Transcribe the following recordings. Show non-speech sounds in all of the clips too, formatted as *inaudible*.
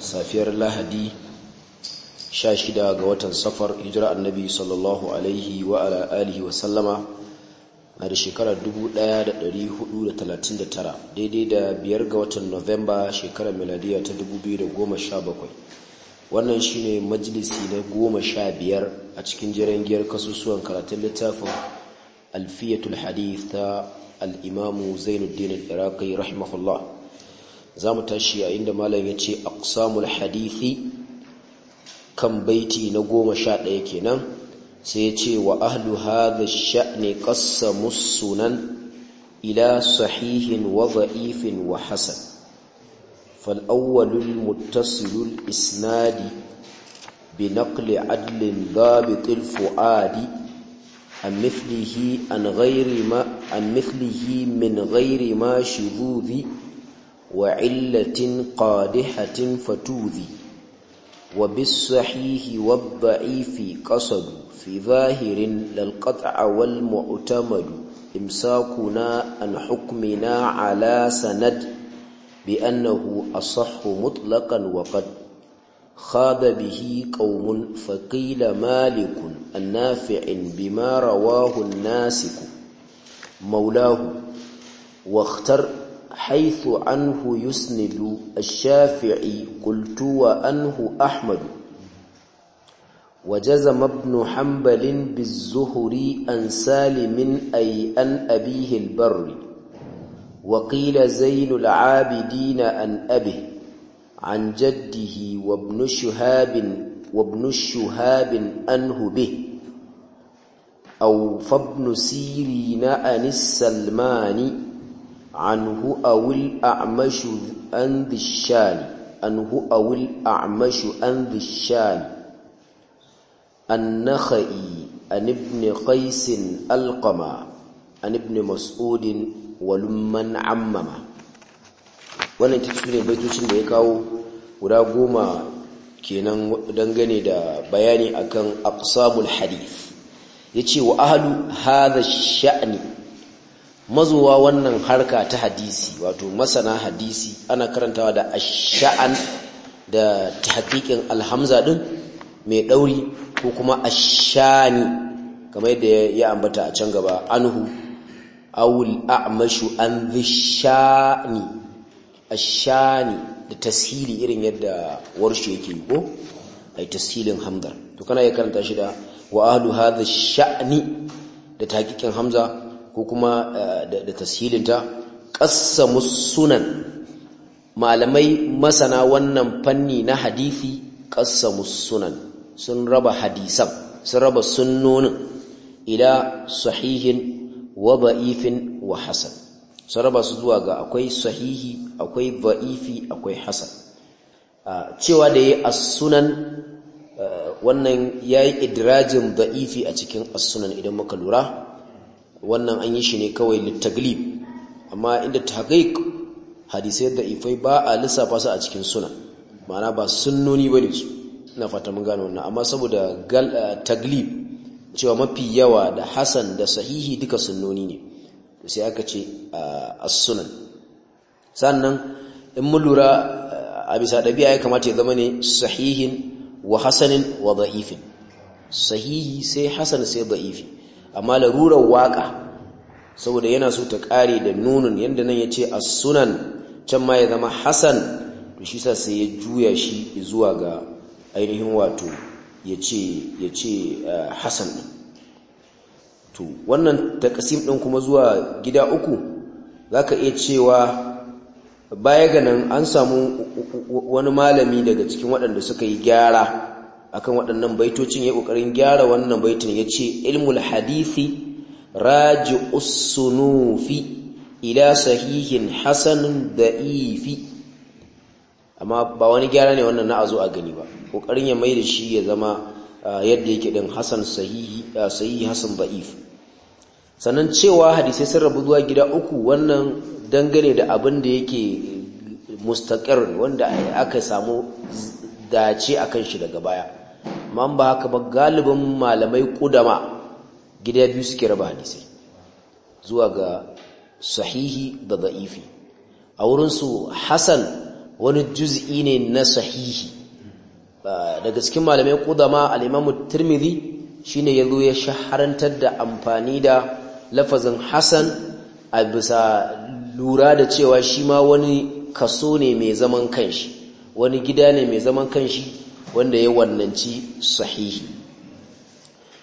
safiyar lahadi 16 ga watan safar hijira annabi sallallahu alaihi wa ala alihi wa sallama a da shekarar 1439 daidai da biyar ga watan novemba shekarar miladiya ta 2017 wannan shine majalisi na goma sha biyar a cikin jirangiyar kasusuwan karatun littafin alfiyatul hadith ta al'imamu zainuddin iraqi rahimahullah za mu tashi yayin da malam ya ce aqsamul hadithi kan baiti na goma sha ɗaya kenan sai ya ce wa ahlu hadha sha'ni qassamu sunan ila sahihin wa dha'ifin wa hasan fal awwalul muttasilul isnadi bi naqli adlin dhabitil fuadi an مثله عن غير ما عن مثله من غير وعلة قادحة فتوذي وبالصحيح والضعيف قصد في ظاهر للقطع والمؤتمد إمساكنا عن حكمنا على سند بأنه أصح مطلقا وقد خاض به قوم فقيل مالك النافع بما رواه الناسك مولاه واختر حيث عنه يسند الشافعي قلت وأنه أحمد وجزم ابن حنبل بالزهري أن سالم أي أن أبيه البر وقيل زين العابدين أن أبه عن جده وابن شهاب وابن شهاب أنه به أو فابن سيرين أن السلماني anhu awil a'mashu an dhishani anhu awil a'mashu an dhishani النخعي عن ابن قيس القما عن ابن مسعود walumman عمما wannan ita ne baitocin da ya kawo guda goma kenan dangane da bayani akan aqsamul hadith yace wa ahlu hadha sha'ni mazuwa wannan harka ta hadisi wato masana hadisi ana karantawa da ash'an da tahqiqin alhamza din mai dauri ko kuma ashani kamar yadda ya ambata a can gaba anhu awul a'mashu an dhishani ashani da tashili irin yadda warshe yake yi ko ai tashilin hamdar to kana ya karanta shi da wa ahlu hadha sha'ni da tahqiqin hamza ko kuma eh, da tashilinta ƙasa sunan malamai masana wannan fanni na hadisi ƙasa sunan sun raba hadisan sun raba sunnonin ila sahihin wa ba'ifin wa hasan sun raba su zuwa ga akwai sahihi akwai ba'ifi akwai hasan ah, cewa da ya as-sunan eh, wannan yi idrajin ba'ifi a cikin asunan idan muka lura wannan an yi shi ne kawai littaglib amma inda haƙai hadisai da ifai ba a lissafa su a cikin suna ma'ana ba sunnoni ne su ina fata mun gano wannan amma saboda eh, taglib cewa mafi yawa da Hassan da sahihi duka sunnoni ne sai aka ce eh, a sunan sannan in mun lura eh, a bisa ɗabi'a ya kamata ya zama ne sahihin wa hasanin wa da'ifin sahihi sai Hassan sai da'ifi amma larurar waka saboda yana so ta kare da nunun yanda nan ya ce as-sunan can ma ya zama hasan to shi sa sai ya juya shi zuwa ga ainihin wato ya ce eh, hasan to wannan taqsim din kuma zuwa gida uku zaka iya cewa baya ga an samu wani malami daga cikin waɗanda suka yi gyara akan waɗannan baitocin ya ƙoƙarin gyara wannan baitin ya ce ilmul hadithi raji usunufi ila sahihin hasanin da'ifi amma ba wani gyara ne wannan na a gani ba ƙoƙarin ya mai da shi ya zama yadda yake ɗin hasan sahihi hasan ifi. sannan cewa hadisai sun rabu zuwa gida uku wannan dangane da abin da yake mustaƙar wanda aka samu dace a kan shi daga baya amma ba haka ba galibin malamai kudama gida biyu suke raba hadisai zuwa ga sahihi da za'ifi a wurinsu Hassan wani juz'i ne na sahihi daga cikin malamai kudama al'imamu turmiri shi ne ya zo ya shaharantar da amfani da lafazin Hassan. a bisa lura da cewa shi ma wani kaso ne mai zaman kanshi wani gida ne mai zaman kanshi wanda ya wannanci sahihi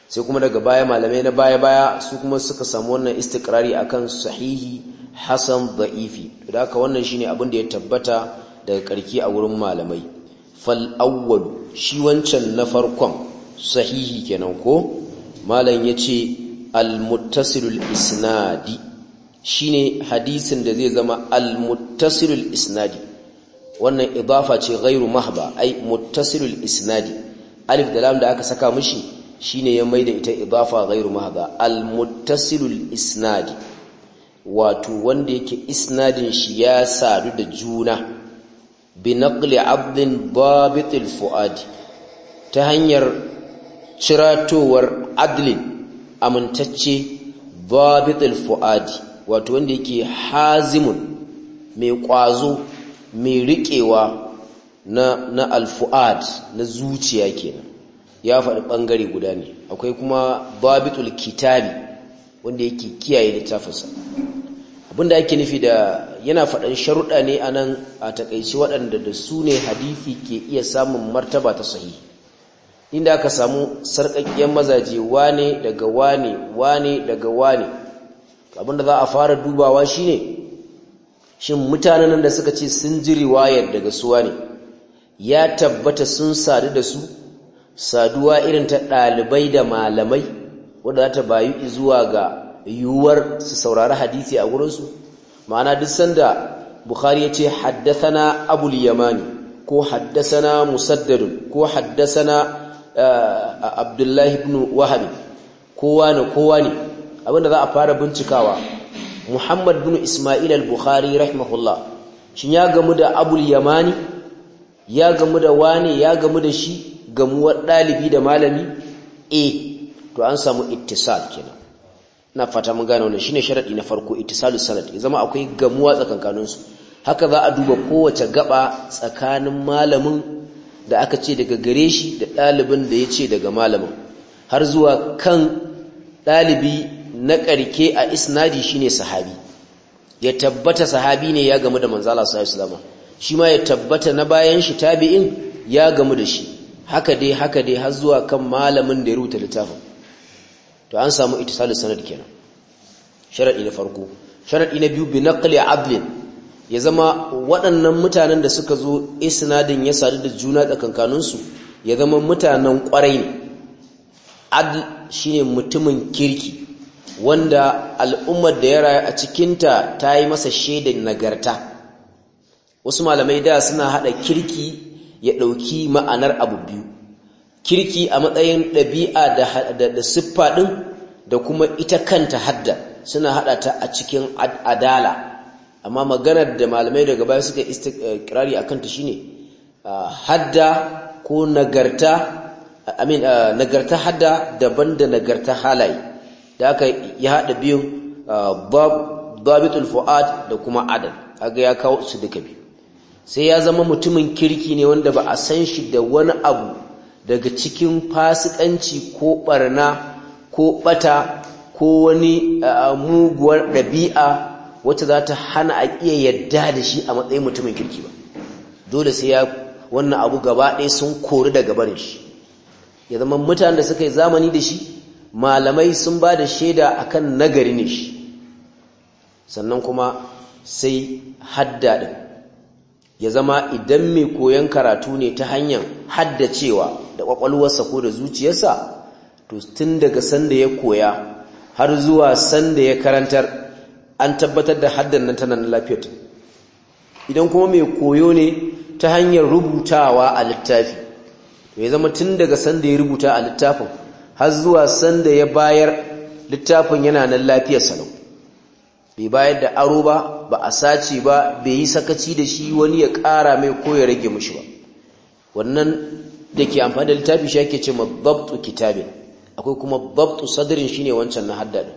sai kuma daga baya malamai na baya-baya su kuma suka samu wannan istikrari akan sahihi hasan da'ifi da haka wannan shine abin da ya tabbata daga karki a wurin malamai fal awwal shi wancan na farkon sahihi kenan ko malam yace al muttasilul isnadi shine hadisin da zai zama al muttasilul isnadi wannan idafa ce ghairu mahba ai muttasilul isnadi alif da lam da aka saka mishi shine ya maida ita idafa ghairu mahba al muttasilul isnadi wato wanda yake isnadin shi ya sadu da juna bi naqli abdin babitil fuadi ta hanyar ciratowar adlin amintacce babitil fuadi wato wanda yake hazimun mai kwazo mai riƙewa na alfu'ad na zuciya kenan ya faɗi ɓangare guda ne akwai kuma babitul kitabi wanda yake kiyaye littafinsa abinda yake nufi da yana faɗin sharuɗa ne a nan a taƙaice waɗanda da su ne hadithi ke iya samun martaba ta sahi inda aka samu sarƙaƙƙiyar mazaje wane daga wane wane daga wane abinda za a fara dubawa shine shin mutanen nan da suka ce sun ji riwayar daga suwa ne ya tabbata sun sadu da su saduwa irin ta ɗalibai da malamai wadda za ta bayu zuwa ga yiwuwar su saurari hadisi a wurinsu? ma'ana duk sanda bukhari ya ce haddasana abul yamani ko haddasana musaddadun ko haddasana eh, abdullahi ibn wahabi kowa ne kowa ne abinda za a fara bincikawa Muhammad bin Ismail al-Bukhari rahimahullah shin ya gamu da Abul Yamani ya gamu da wane ya gamu da shi gamuwar dalibi da malami eh to an samu ittisal kenan na fata mun gane wannan shine sharadi na farko ittisalus sanad ya zama akwai gamuwa tsakankanin su haka za a duba kowace gaba tsakanin malamin da aka ce daga gare shi da dalibin da ya ce daga malamin har zuwa kan ɗalibi na karke a isnadi shine sahabi ya tabbata sahabi ne ya gamu da manzala sallallahu shi ma ya tabbata na bayan shi tabi'in ya gamu da shi haka dai haka dai har zuwa kan malamin da ya rubuta littafin to an samu ittisalus sanad kenan sharadi na farko sharadi na biyu bi naqli adlin ya zama waɗannan mutanen da suka zo isnadin ya sadu da juna tsakankanin su ya zama mutanen ƙwarai adl shine mutumin kirki wanda al'ummar da ya rayu a cikinta ta yi masa shaidan nagarta wasu malamai da suna haɗa kirki ya ɗauki ma'anar abu biyu kirki a matsayin ɗabi'a da siffa ɗin da kuma ita kanta hadda suna haɗa ta a cikin adala amma maganar da malamai daga baya suka eh, kirari a kanta shi ne. Ah, hadda ko nagarta amin ah, nagarta hadda daban da nagarta halaye da aka ya hada biyun ah, babitul fu'ad da kuma adal ga ya kawo su duka biyu sai ya zama mutumin kirki ne wanda ba a san shi da wani abu daga cikin fasikanci ko barna ko bata ko wani ah, muguwar ɗabi'a wacce za ta hana a iya yadda da shi a matsayin mutumin kirki ba dole sai ya wannan abu gaba ɗaya sun kori daga barin shi ya zama mutanen da suka yi zamani da shi malamai sun ba da shaida akan nagari ne shi sannan kuma sai haddadin ya zama idan mai koyon karatu ne ta hanyar haddacewa da kwakwalwarsa ko da zuciyarsa to tun daga sanda ya koya har zuwa sanda ya karantar an tabbatar da haddan nan tana na lafiyar idan kuma mai koyo ne ta hanyar rubutawa a littafi to ya zama tun daga sanda ya rubuta a littafin har zuwa sanda ya bayar littafin yana nan lafiyar salau bai bayar da aro ba ba a sace ba bai yi sakaci da shi wani ya ƙara mai ko ya rage mushi ba wannan da ke amfani da littafi shi ake ce ma babtu kitabin akwai kuma babtu sadrin shine wancan na hadda din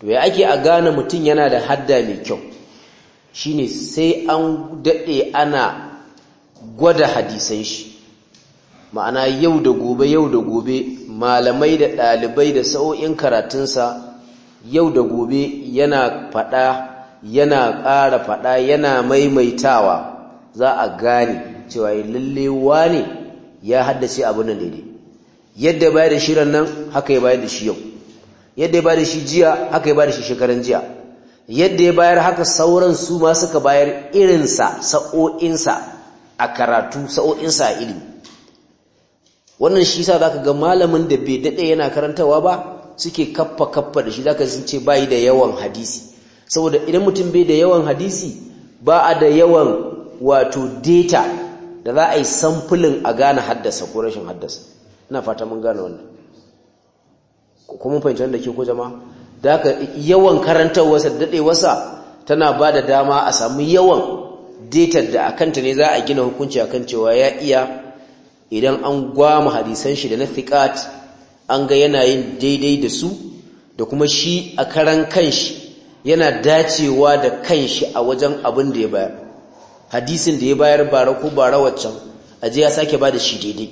to ya ake a gane mutum yana da hadda mai kyau shine sai an daɗe ana gwada hadisan shi ma'ana yau da gobe yau da gobe malamai da ɗalibai da sa'o'in karatunsa yau da gobe yana faɗa yana ƙara faɗa yana maimaitawa za a gane cewa eh, lalle ne ya haddace abin nan daidai yadda bayar da shi nan haka ya bayar da shi yau yadda ya bayar da shi jiya haka ya bayar da shi shekaran jiya yadda ya bayar haka sauran su ma suka bayar irinsa sa'o'insa a karatu sa'o'insa a ilimi wannan shi yasa zaka ga malamin da bai dade yana karantawa ba suke kaffa kaffa da shi zaka sun ce bai da yawan hadisi saboda idan mutum bai da yawan hadisi ba a da yawan wato data da za a yi samfulin a gane haddasa ko rashin haddasa ina fata mun gane wannan kuma fahimci wanda ke ko jama'a da haka yawan karantarwarsa da dadewarsa tana ba da dama a samu yawan data da a kanta ne za a gina hukunci a kan cewa ya iya idan an gwama hadisan shi da na thiqat an ga yana yin daidai da su da kuma shi a karan kanshi yana dacewa da kanshi a wajen abin da ya bayar hadisin da ya bayar bara ko bara waccan aje ya sake ba da shi daidai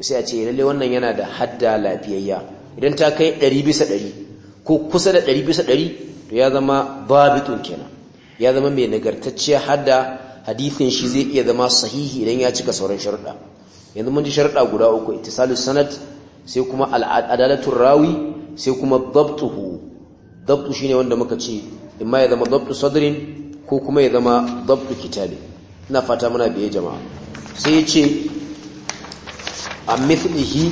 sai a ce lalle wannan yana da hadda lafiyayya idan ta kai 100 bisa 100 ko kusa da 100 bisa 100 to ya zama babitun kenan ya zama mai nagartacciyar hadda hadisin shi zai iya zama sahihi idan ya cika sauran sharuɗa yanzu mun ji sharɗa guda uku ittisalus sanad sai kuma al'adalatul rawi sai kuma dabtuhu dabtu shine wanda muka ce imma ya zama dabtu sadrin ko kuma ya zama dabtu kitabi ina fata muna biye jama'a sai ya ce an mithlihi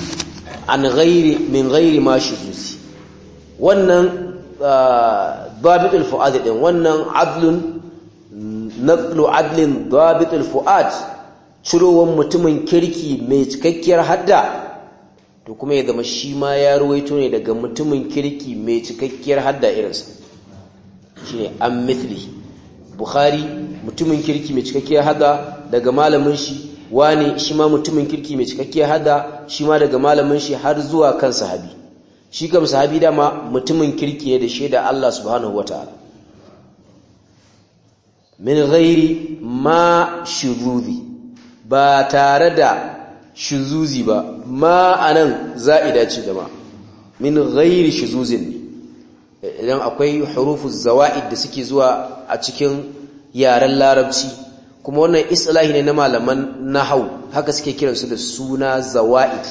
an ghairi min ghairi ma shuzuzi wannan al ah, fuad din wannan adlun naqlu adlin al fuad cirowar mutumin kirki mai cikakkiyar hadda to kuma ya zama shi ma ya ruwaito ne daga mutumin kirki mai cikakkiyar hadda irinsa shi ne an mithli bukhari mutumin kirki mai cikakkiyar hadda daga malamin shi wani shi ma mutumin kirki mai cikakkiyar hadda shi ma daga malamin shi har zuwa kan sahabi shi kam sahabi dama mutumin kirki ne da shaida Allah subhanahu wataala min ghairi ma shuruzi ba tare da shuzuzi ba ma za'ida ce ma min ghairi shuzuzin ne idan akwai hurufu zawa'id da suke zuwa a cikin yaren larabci kuma wannan islahi ne na malaman nahau haka suke kiransu da suna zawa'id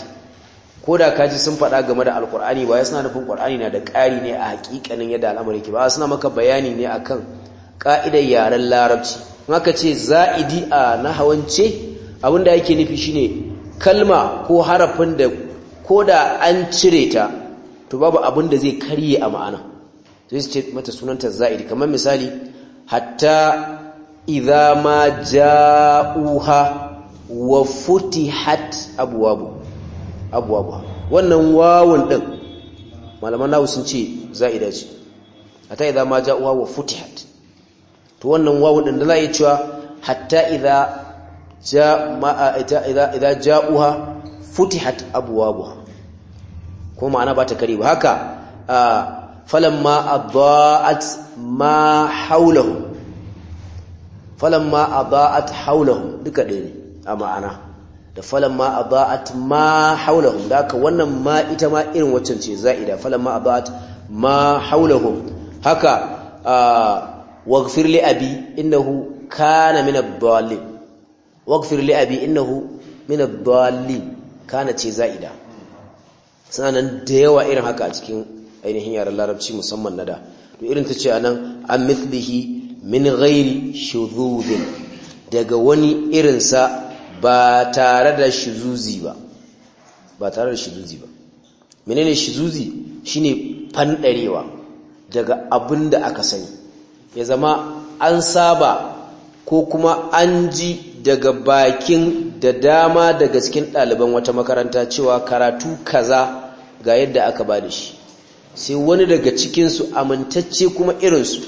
ko da kaji sun faɗa game da alkur'ani ba ya suna nufin ƙur'ani na da ƙari ne a haƙiƙanin yadda al'amari ke ba suna maka bayani ne akan ƙa'idar yaren larabci haka ce za'idi a nahawance abinda yake nufi shine kalma ko harafin da ko da an cire ta to babu abin da zai karye a ma'ana sai su ce mata sunanta za'id kamar misali hatta idza ma ja'uha wa futihat abwabu abwabu wannan wawun din malaman nawu sun ce za'ida ce hatta idza ma ja'uha wa futihat to wannan wawun din da za cewa hatta idza idza ja'uha futihat abwabuha ko ma'ana ba ta kare ba haka falamma adaat ma hawlahu falamma adaat hawlahu duka ɗaya ne a ma'ana da falamma adaat ma hawlahu da haka wannan ma ita ma irin waccan ce za'ida falamma adaat ma hawlahu haka waghfir li abi innahu kana min ad-dallin waghfir li abi innahu min ad kana ce za'ida suna nan da yawa irin haka a cikin ainihin yaren larabci musamman nada to irin ta ce anan an mithlihi min ghairi shuzuzin daga wani irinsa ba tare da shuzuzi ba ba tare da shuzuzi ba menene shuzuzi shine fandarewa daga abin da aka sani ya zama an saba ko kuma an ji daga bakin da dama daga cikin ɗaliban wata makaranta cewa karatu kaza ga yadda aka ba da shi sai wani daga cikinsu amintacce kuma irinsu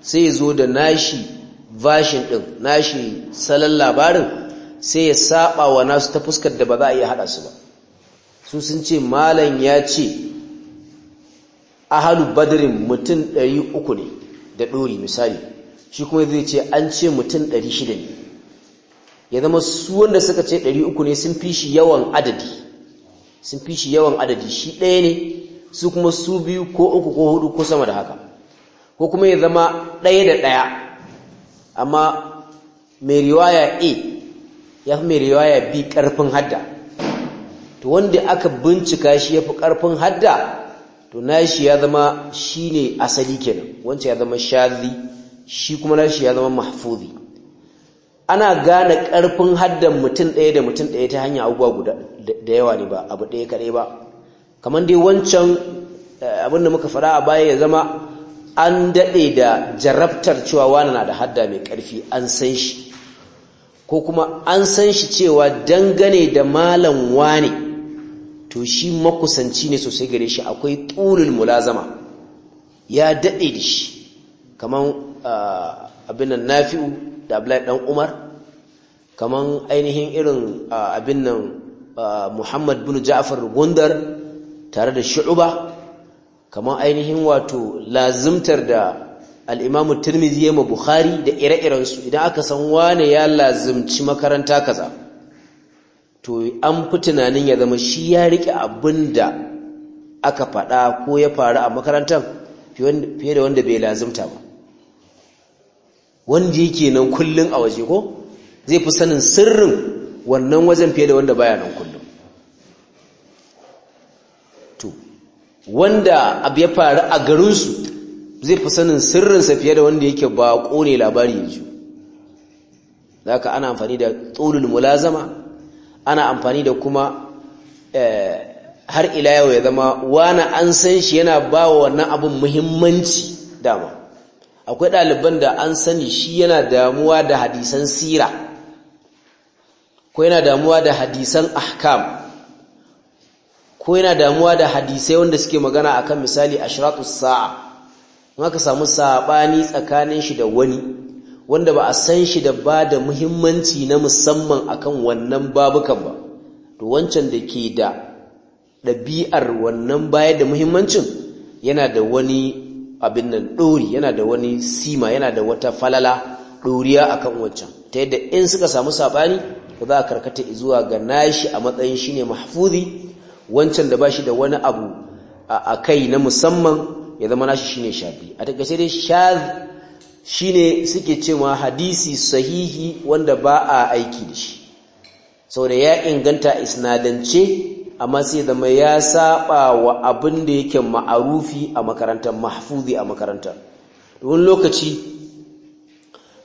sai zo da nashi vashin ɗin nashi salon labarin sai ya saba wa nasu ta fuskar da ba za a iya haɗa su ba su sun ce malam ya ce a ahalu badirin mutum ɗari uku ne da ɗori misali shi kuma zai ce an ce mutum ɗari shida ne ya zama su wanda suka ce 300 ne sun fi shi yawan adadi sun fi shi yawan adadi shi ɗaya ne su kuma su biyu ko uku ko hudu ko sama da haka ko kuma ya zama ɗaya da ɗaya amma mai riwaya a ya fi mai riwaya b ƙarfin hadda to wanda aka bincika shi ya fi ƙarfin hadda to nashi ya zama shi ne asali kenan wancan ya zama shazi shi kuma nashi ya zama mahfuzi ana gane ƙarfin haddan mutum ɗaya da mutum ɗaya ta hanya abubuwa guda da yawa ne ba abu ɗaya kaɗai ba kamar dai wancan eh, abin da muka faɗa a baya ya zama an daɗe da jarabtar cewa wani na da hadda mai ƙarfi an san shi ko kuma an san shi cewa dangane da malam wani to shi makusanci ne sosai gare shi akwai tulul mulazama ya daɗe da shi kamar eh, abin nan nafi'u da Abdullahi dan Umar kamar ainihin irin abin nan Muhammad bin Ja'far Gundar tare da Shu'ba kamar ainihin wato lazimtar da al-Imam Tirmidhi ya Bukhari da ire-iren su idan aka san wane ya lazimci makaranta kaza to an fi tunanin ya zama shi ya rike abinda aka faɗa ko ya faru a makarantar fiye da wanda bai lazimta ba wanda yake nan kullun a waje ko zai fi sanin sirrin wannan wajen fiye da wanda baya nan kullun to wanda abu ya faru a garinsu zai fi sanin sirrinsa fiye da wanda yake ba kone labari yanzu zaka ana amfani da tsulul mulazama ana amfani da kuma eh, har ila yau ya zama wani an san shi yana ba wa wannan abin muhimmanci dama akwai ɗaliban da an sani shi yana damuwa da hadisan sira ko yana damuwa da hadisan ahkam ko yana damuwa da hadisai wanda suke magana akan misali ashratus sa'a kuma ka samu saɓani tsakanin shi da wani wanda ba a san shi da ba da muhimmanci na musamman akan wannan babukan ba to wancan da ke da ɗabi'ar wannan baya da muhimmancin yana da wani abin nan ɗori yana da wani sima yana da wata falala ɗoriya kan wancan ta yadda in suka samu saɓani ba za a karkata zuwa ga nashi a matsayin shi ne mahfuzi wancan da ba shi da wani abu a kai na musamman ya zama nashi shi ne shafi a takaice dai shaz shi ne suke cewa hadisi sahihi wanda ba a aiki da shi sau da ya inganta isnadance amma sai zama ya saba wa abin da yake ma'arufi a makarantar mahfuzi a makarantar wani lokaci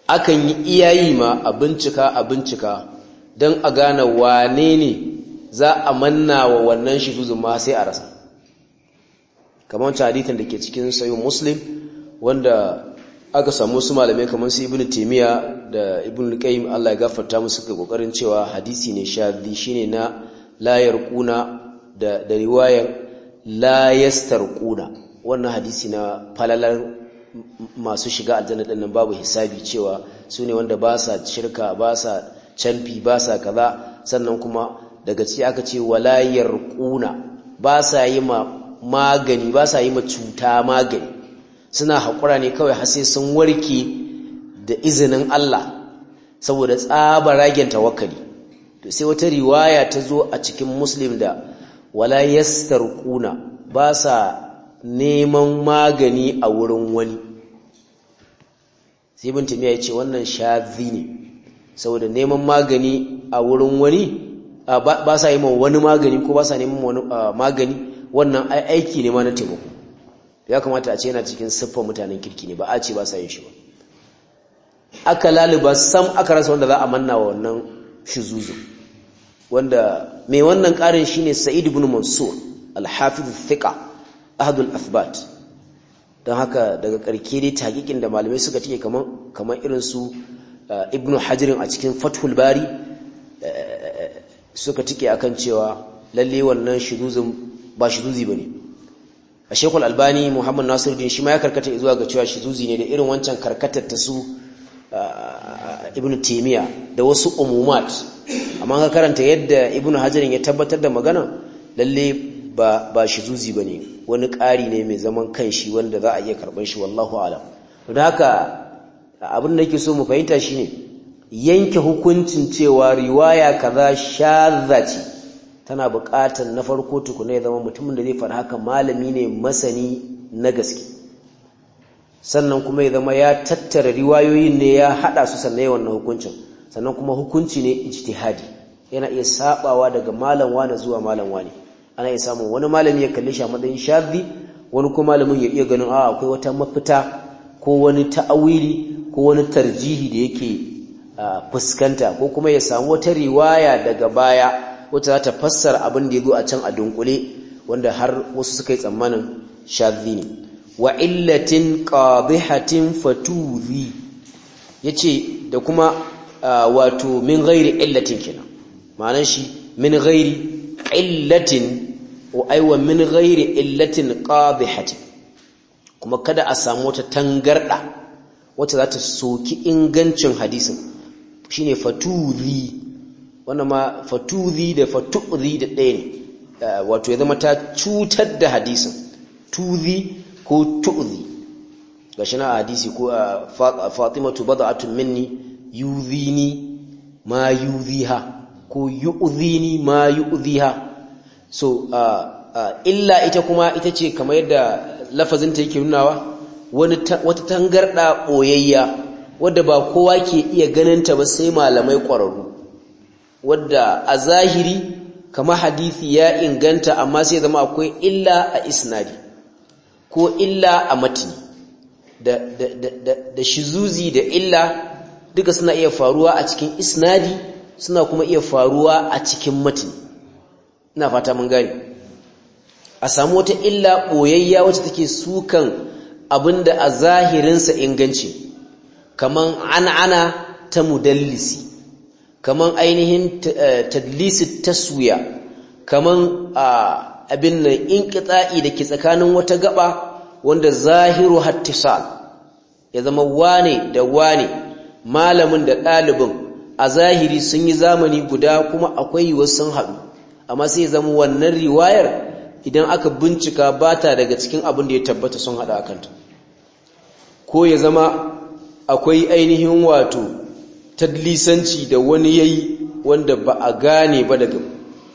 akan yi iyayi ma a bincika a bincika don a gane wane ne za a manna wa wannan shifuzun ma sai a rasa kamar caditan da ke cikin sayo muslim wanda aka samu su malamai kamar su ibn taimiyya da ibn qayyim Allah ya gafarta musu ga kokarin cewa hadisi ne shi shine na la yarquna da da riwayar la yastarquna wannan hadisi na falalar masu shiga aljanna din nan babu hisabi cewa sune wanda ba sa shirka ba sa canfi ba sa kaza sannan kuma daga ci aka ce wala yarquna ba sa yi ma magani ba sa yi ma cuta magani suna haƙura ne kawai har sai sun warke da izinin Allah saboda tsaba ragen tawakkali to sai wata riwaya ta zo a cikin muslim da wala yastarquna ba sa neman magani a wurin wani sai ibn timiya yace wannan shazi ne saboda neman magani a wurin wani ba sa yi ma wani magani ko ba sa neman wani magani wannan aiki ne ma na taimako ya kamata a ce yana cikin siffar mutanen kirki ne ba a ce ba sa yin shi ba aka laluba sam aka rasa wanda za a manna wa wannan shizuzu wanda mai wannan ƙarin ne Sa'id ibn Mansur al-Hafiz al ahadul athbat don haka daga ƙarke dai taqiqin da malamai suka tike kamar kaman irin eh, Ibn Hajar a cikin Fathul Bari eh, suka tike akan cewa lalle wannan shuduzin ba ba ne a shekul Albani Muhammad Nasiru, shi ma ya karkata zuwa ga cewa shiruzi ne da irin wancan karkatar ta su Uh, ibn timiya da wasu umumat amma ka karanta yadda ibn hajarin ya tabbatar da magana lalle ba ba ne wani ƙari ne mai zaman kanshi wanda za a iya karban shi wallahu alam don haka abin da nake so mu fahimta shine yanke hukuncin cewa riwaya kaza sha zaci tana buƙatar na farko tukuna ya zama mutumin da zai fara haka malami ne masani na gaske sannan kuma ya zama ya tattara riwayoyin ne ya hada su sannan ya wannan hukuncin sannan kuma hukunci ne ijtihadi yana iya sabawa daga malam wani zuwa malam wani ana iya samun wani malami ya kalli shi a matsayin wani kuma malamin ya iya ganin a akwai wata mafita ko wani ta'awili ko wani tarjihi da yake fuskanta ko kuma ya samu wata riwaya daga baya wata za ta fassara abin da ya zo a can a dunkule wanda har wasu suka yi tsammanin shazi ne wa illatin qadihatin fatuzi yace da kuma wato min ghairi illatin kenan ma'anar shi min ghairi illatin wa aywa min ghairi illatin qadihatin kuma kada a samu wata tangarda wacce za ta soki ingancin hadisin shine fatuzi wannan ma fatuzi da fatuzi da ɗaya ne wato ya zama ta cutar da hadisin tuzi ko tu'zi gashi na hadisi ko fatimatu bad'atun minni yuzini ma yuziha ko yu'zini ma yu'ziha so illa ita kuma ita ce kamar yadda lafazinta yake nunawa wani wata tangarda boyayya wadda ba kowa ke iya ganin ta ba sai malamai ƙwararru wadda a zahiri kama hadisi ya inganta amma sai zama akwai illa a isnadi ko illa a mati, da, da, da, da shizuzi da illa duka suna iya faruwa a cikin isnadi suna kuma iya faruwa a cikin matini ina fata mun gani a samu wata illa ɓoyayya wacce take sukan abinda a zahirinsa inganci kaman an'ana ta mudallisi kaman ainihin eh, tadlisi taswiya kaman a ah, abin nan da ke tsakanin wata gaba wanda zahiru hattisal ya zama wane da wane malamin da ɗalibin a zahiri sun yi zamani guda kuma akwai wasu sun haɗu amma sai zama wannan riwayar idan aka bincika ba ta daga cikin abin da ya tabbata sun haɗa akanta ko ya zama akwai ainihin wato tadlisanci da wani yayi wanda ba a gane ba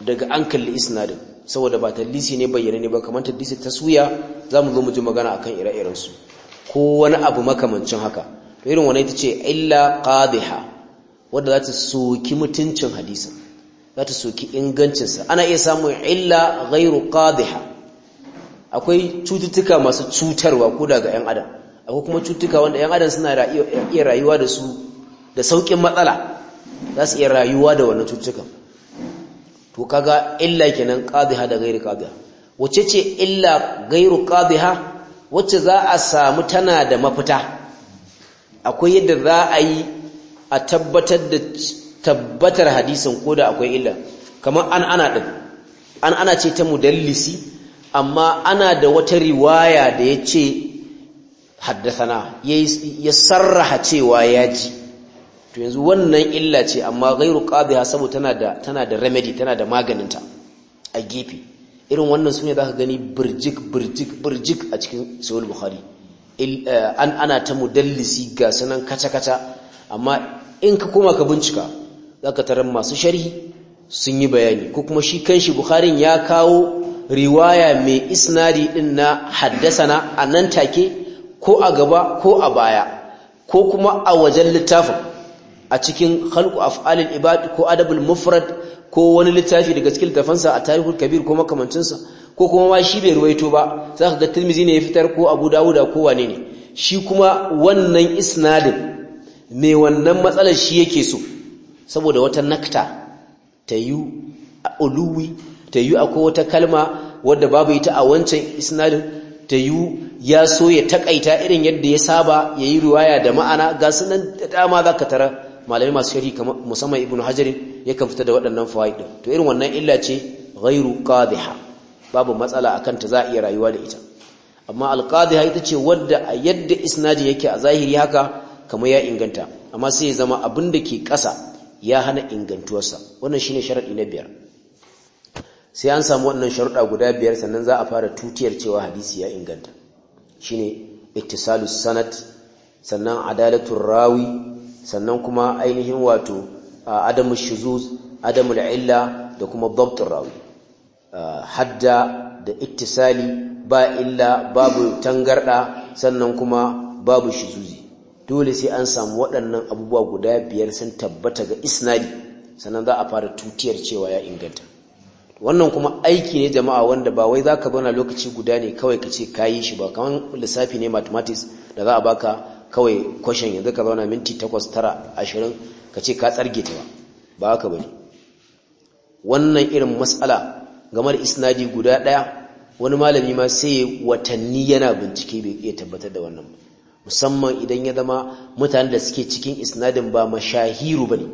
daga an kalli isnadin saboda ba tallisi ne bayyana ne ba kamar tallisi za mu zo mu ji magana akan ire-iren su ko wani abu makamancin haka to irin wani ita ce illa qadiha wanda za ta soki mutuncin hadisin za ta soki ingancin ana iya samun illa ghairu qadiha akwai cututtuka masu cutarwa ko daga yan adam akwai kuma cututtuka wanda yan adam suna iya rayuwa da su da saukin matsala za su iya rayuwa da wannan cututtukan to kaga illa kenan qadhiha da gairu qadhiha wace ce illa gairu qadhiha wacce za a samu tana da mafita akwai yadda za a yi a tabbatar da tabbatar hadisin koda akwai illa kamar an ana din an ana ce ta mudallisi amma ana da wata riwaya da yace haddathana ya sarraha cewa ya ji to yanzu wannan illa ce amma gair'o qadiha saboda tana da tana da remedy tana da maganinta a gefe irin wannan sune zaka gani burjik burjik burjik a cikin sahih bukhari eh, an ana ta mudallisi ga sanan kaca kaca amma in ka koma ka bincika zaka tarar masu sharhi sun yi bayani ko kuma shi kanshi Bukhari ya kawo riwaya mai isnadi din na haddasana a nan take ko a gaba ko a baya ko kuma a wajen littafin a cikin khalqu af'alil ibad ko adabul mufrad ko wani littafi daga cikin tafansa a tarihul kabir ko makamancinsa ko kuma ma shi bai ruwaito ba za ka ga tirmizi ne ya fitar ko abu dawuda ko wane ne shi kuma wannan isnadin mai wannan matsalar shi yake so saboda wata nakta ta yi uluwi ta yi akwai wata kalma wadda babu ita a wancan isnadin ta yi ya so ya takaita irin yadda ya saba ya yi riwaya da ma'ana ga sunan dama za ka tara malamai masu kamar musamman ibnu hajarin yakan fita da waɗannan fawaid din to irin wannan illa ce ghairu qadhiha babu matsala akan ta za a iya rayuwa da ita amma alqadhiha ita ce wadda a yadda isnadi yake a zahiri haka kamar ya inganta amma sai ya zama abin da ke ƙasa ya hana ingantuwarsa wannan shine sharadi na biyar sai an samu wannan sharuɗa guda biyar sannan za a fara tutiyar cewa hadisi ya inganta shine ittisalus sanad sannan adalatul rawi sannan kuma ainihin wato adamu shuzuz adamu la'ila da kuma dabtun rawi hadda da iktisali ba illa babu tangarda sannan kuma babu shuzuzi dole sai an samu waɗannan abubuwa guda biyar sun tabbata ga isnadi sannan za a fara tutiyar cewa ya inganta wannan kuma aiki ne jama'a wanda ba wai za ka bana lokaci guda ne kawai ka ce kayi shi ba Kamar lissafi ne mathematics da za a baka kawai kwashen yanzu ka zauna minti takwas tara ashirin ka ce ka tsarge ta ba ba haka wannan irin matsala game da isnadi guda ɗaya wani malami ma sai watanni yana bincike bai iya tabbatar da wannan musamman idan ya zama mutanen da suke cikin isnadin ba mashahiru bane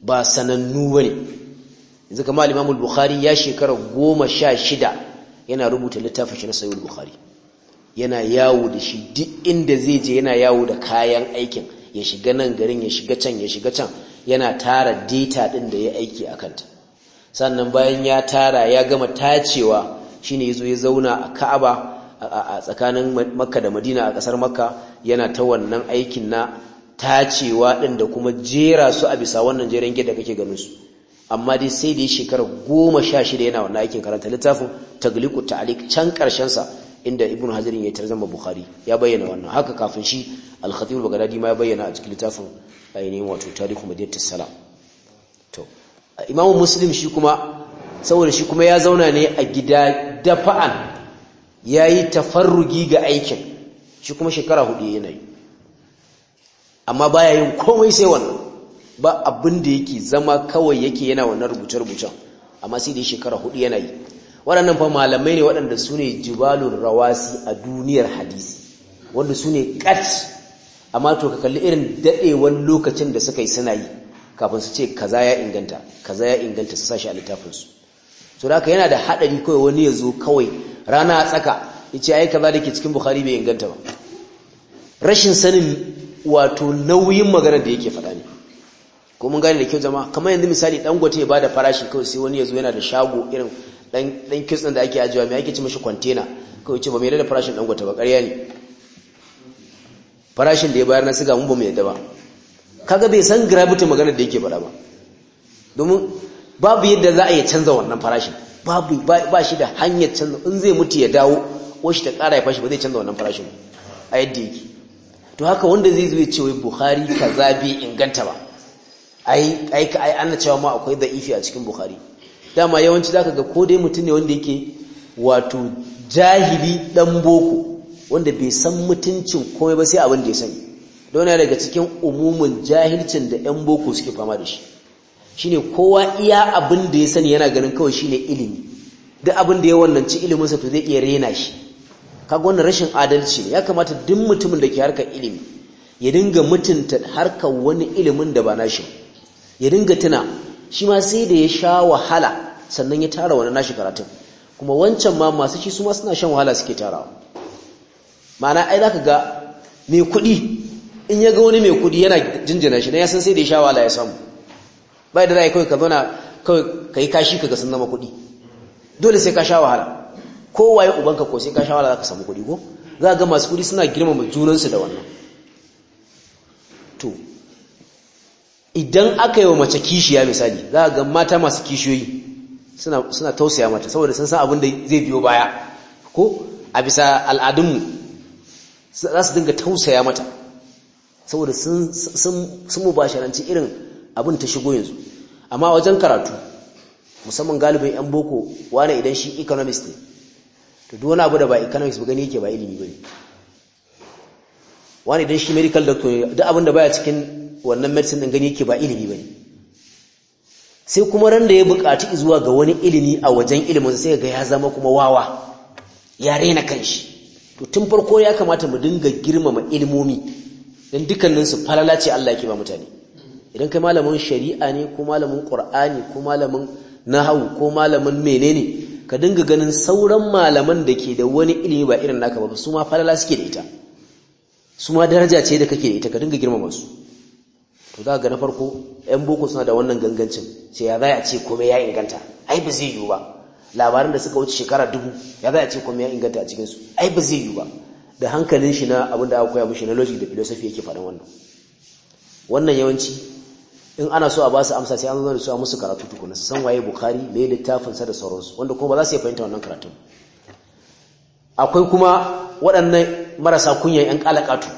ba sanannu ba ne. yanzu kama Imam Bukhari ya shekara goma sha shida yana rubuta littafin shi na sayo Bukhari yana yawo da shi duk inda zai je yana yawo da kayan aikin ya shiga nan garin ya shiga can ya shiga can yana tara data din da ya aiki a kanta sannan bayan ya tara ya gama tacewa shine yazo ya zauna a Ka'aba a tsakanin Makka da Madina a kasar Makka yana ta wannan aikin na tacewa din da kuma jera su a bisa wannan jeren gida kake ganin su amma dai sai da ya shekara shida yana wannan aikin karanta littafin tagliku ta'alik can karshensa inda ibnu hazirin ya tarzama bukhari ya bayyana wannan haka kafin shi al-khatib ma ya bayyana a cikin littafin ainihin wato tarihu madinatus salam to imamu muslim shi kuma saboda shi kuma ya zauna ne a gida dafa'an yayi tafarrugi ga aikin shi kuma shekara hudu yana yi amma baya yin komai sai wannan ba abin da yake zama kawai yake yana wannan rubuce-rubucen amma sai da shekara hudu yana yi waɗannan fa malamai ne waɗanda su ne jibalun rawasi a duniyar hadisi wanda su ne kat amma to ka kalli irin daɗewan lokacin da suka yi suna yi kafin su ce kaza ya inganta kaza ya inganta su sashi a littafinsu to da haka yana da haɗari kawai wani ya zo kawai rana a tsaka ya ce ai kaza da ke cikin bukhari bai inganta ba rashin sanin wato nauyin maganar da yake faɗa ne ko mun gane da kyau zama, kamar yanzu misali dangote ya bada farashi kawai sai wani ya zo yana da shago irin dan dan da ake ajiyawa me ake ci mashi kwantena kawai ce ba mai da farashin dan gwata ba ƙarya ne farashin da ya bayar na siga mun ba mu yadda ba kaga bai san gravity maganar da yake faɗa ba domin babu yadda za a iya canza wannan farashin babu ba shi da hanyar canza in zai mutu ya dawo washi ta ƙara ya fashi ba zai canza wannan farashin a yadda yake to haka wanda zai zai ce wai Bukhari kaza bai inganta ba ai ai ai ana cewa ma akwai ifi a cikin Bukhari dama yawanci zaka ga ko dai mutum ne wanda yake wato jahili dan boko wanda bai san mutuncin komai ba sai abin da ya sani don yana daga cikin umumin jahilcin da yan boko suke fama da shi shine kowa iya abin da ya sani yana ganin kawai ne ilimi duk abin da ya ci iliminsa to zai iya rena shi kaga wannan rashin adalci ne ya kamata duk mutumin da ke harkar ilimi ya dinga mutunta harkar wani ilimin da ba nashi ya dinga tuna shi ma sai da ya sha wahala sannan ya tara wani nashi karatun kuma wancan ma masu shi su ma suna shan wahala suke tarawa ma'ana ai ka ga mai kuɗi in ya ga wani mai kuɗi yana jinjina shi na yasan sai da ya sha wahala ya samu bai da rai kawai ka zauna kawai yi kashi kaga sun zama kuɗi dole sai ka sha wahala kowaye ubanka ko sai ka sha wahala za ka samu kuɗi ko za ga masu kuɗi suna girmama junansu da wannan to idan aka yi wa mace kishiya misali za a ga mata masu kishiyoyi suna tausaya mata saboda sun san abin da zai biyo baya ko a bisa al'adunmu za su dinga tausaya mata saboda sun mu basharanci irin abin ta shigo yanzu amma wajen karatu musamman galibin 'yan boko wane idan shi economist ne to duwa na abu da ba economist ba gani yake ba ilimi ba ne wani idan shi medical doctor ne duk abin da baya cikin wannan medicine din gani yake ba ilimi bane sai kuma ran da ya buƙaci zuwa ga wani ilimi a wajen ilimin sai ga ya zama kuma wawa ya rena shi to tun farko ya kamata mu dinga girmama ilimomi dan dukkanin su falala ce Allah yake ba mutane idan kai malamin shari'a ne ko malamin qur'ani ko malamin nahwu ko malamin menene ka dinga ganin sauran malaman da ke da wani ilimi ba irin naka ba su ma falala suke da ita su ma daraja ce da kake da ita ka dinga girmama su to za ga na farko yan boko suna da wannan gangancin ce ya zai a ce komai ya inganta ai ba zai yiwu ba labarin da suka wuce shekara dubu ya zai a ce komai ya inganta a cikinsu ai ba zai yiwu ba da hankalin shi na abin da aka koya mishi na logic da philosophy yake faɗin wannan wannan yawanci in ana so a ba su amsa sai an zo da su a musu karatu tukuna su san waye bukhari me littafin sa da sauransu wanda kuma ba za su iya fahimta wannan karatun akwai kuma waɗannan marasa kunya yan kalakatu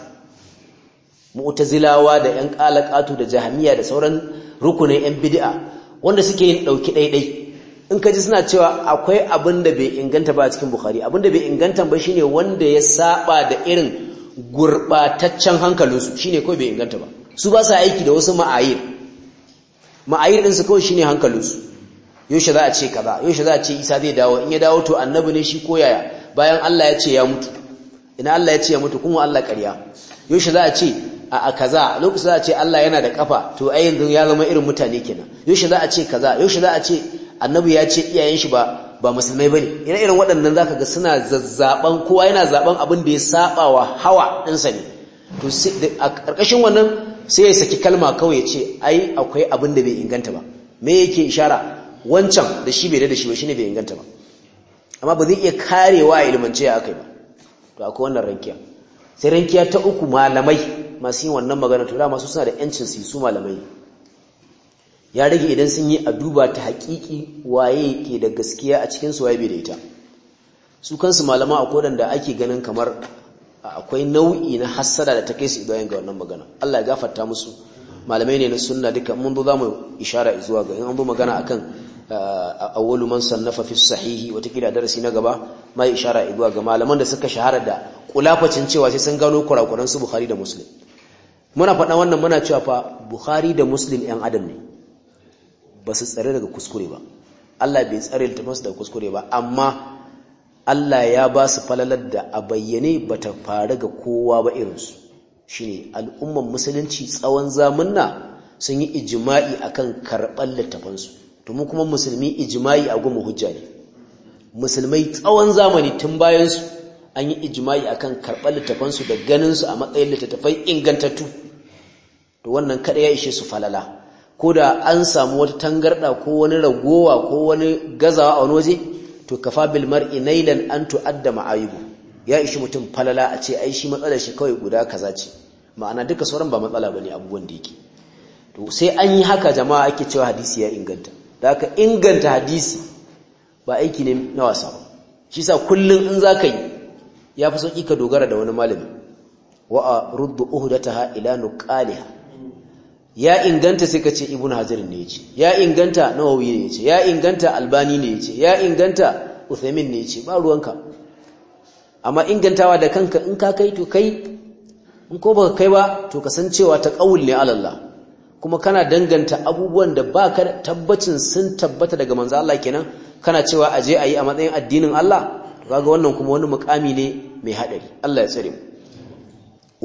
mu'tazilawa da yan qalaqatu da jahamiya da sauran rukunin yan bid'a wanda suke yin dauki daidai in ka ji suna cewa akwai abin da bai inganta ba cikin bukhari abin da bai inganta ba shine wanda ya saba da irin gurbataccen hankalinsu shine kawai bai inganta ba su ba sa aiki da wasu ma'ayir ma'ayir ɗinsu kawai shine hankalinsu yaushe za a ce kaza yaushe za a ce isa zai dawo in ya dawo to annabi ne shi ko yaya bayan Allah ya ce ya mutu ina Allah ya ce ya mutu kuma Allah ƙarya yaushe za a ce a kaza lokacin za a ce Allah yana da kafa to ai yanzu ya zama irin mutane kenan yaushe za a ce kaza yaushe za a ce annabi ya ce iyayen shi ba ba musulmai bane ina irin waɗannan zaka ga suna zazzaban kowa yana zaban abin da ya saba wa hawa ɗinsa ne to a ƙarƙashin wannan sai ya saki kalma kawai ya ce ai akwai abin da bai inganta ba me yake ishara wancan da shi bai da shi ba shine bai inganta ba amma ba zai iya karewa ilmance ya akai ba to akwai wannan rankiya sai rankiya ta uku malamai masu yin wannan magana to masu suna da yancin su su malamai ya rage idan sun yi a duba ta haƙiƙi waye ke da gaskiya a cikin su waye da ita su kansu malama a kodan da ake ganin kamar akwai nau'i na hassada da ta kai su idoyin ga wannan magana Allah ya gafarta musu malamai ne na sunna duka mun zo mu ishara zuwa ga in an bu magana a akan awwalu man sannafa fi sahihi watakila darasi na gaba mai ishara zuwa ga malaman da suka shahara da kulafacin cewa sai sun gano kurakuran su Bukhari da Muslim muna faɗa wannan muna cewa fa bukhari da muslim yan adam ne ba su tsare daga kuskure ba allah bai tsare littafansu daga kuskure ba amma allah ya ba su falalar da a bayyane ba ta faru ga kowa ba irinsu shine al'umman musulunci tsawon zamunna sun yi ijima'i akan karɓar littafansu to kuma musulmi ijima'i a goma hujja ne musulmai tsawon zamani tun bayansu an yi ijima'i a kan karɓar littafansu da ganinsu a matsayin littattafai ingantattu to wannan kada ya ishe su falala ko da an samu wata tangarɗa ko wani ragowa ko wani gazawa a wani waje to kafa bil mar'i nailan an tu'adda ma'ayubu ya ishi mutum falala a ce ai shi matsalar shi kawai guda kaza ce ma'ana duka sauran ba matsala bane abubuwan da yake to sai an yi haka jama'a ake cewa hadisi ya inganta da haka inganta hadisi ba aiki ne na wasa ba shi sa kullum in za ka yi ya fi sauƙi ka dogara da wani malami wa a ruddu uhdataha ila nuqaliha ya inganta sai ka ce ibnu hajar ne yace ya inganta nawawi ne yace ya inganta albani ne yace ya inganta uthaymin ne yace ba ruwanka amma ingantawa da kanka in ka kai to kai in ko baka kai ba to kasancewa ta qaul ne alallah kuma kana danganta abubuwan da ba ka tabbacin sun tabbata daga manzo Allah kenan kana cewa aje yi a matsayin addinin Allah kaga wannan kuma wani mukami ne mai hadari Allah ya tsare mu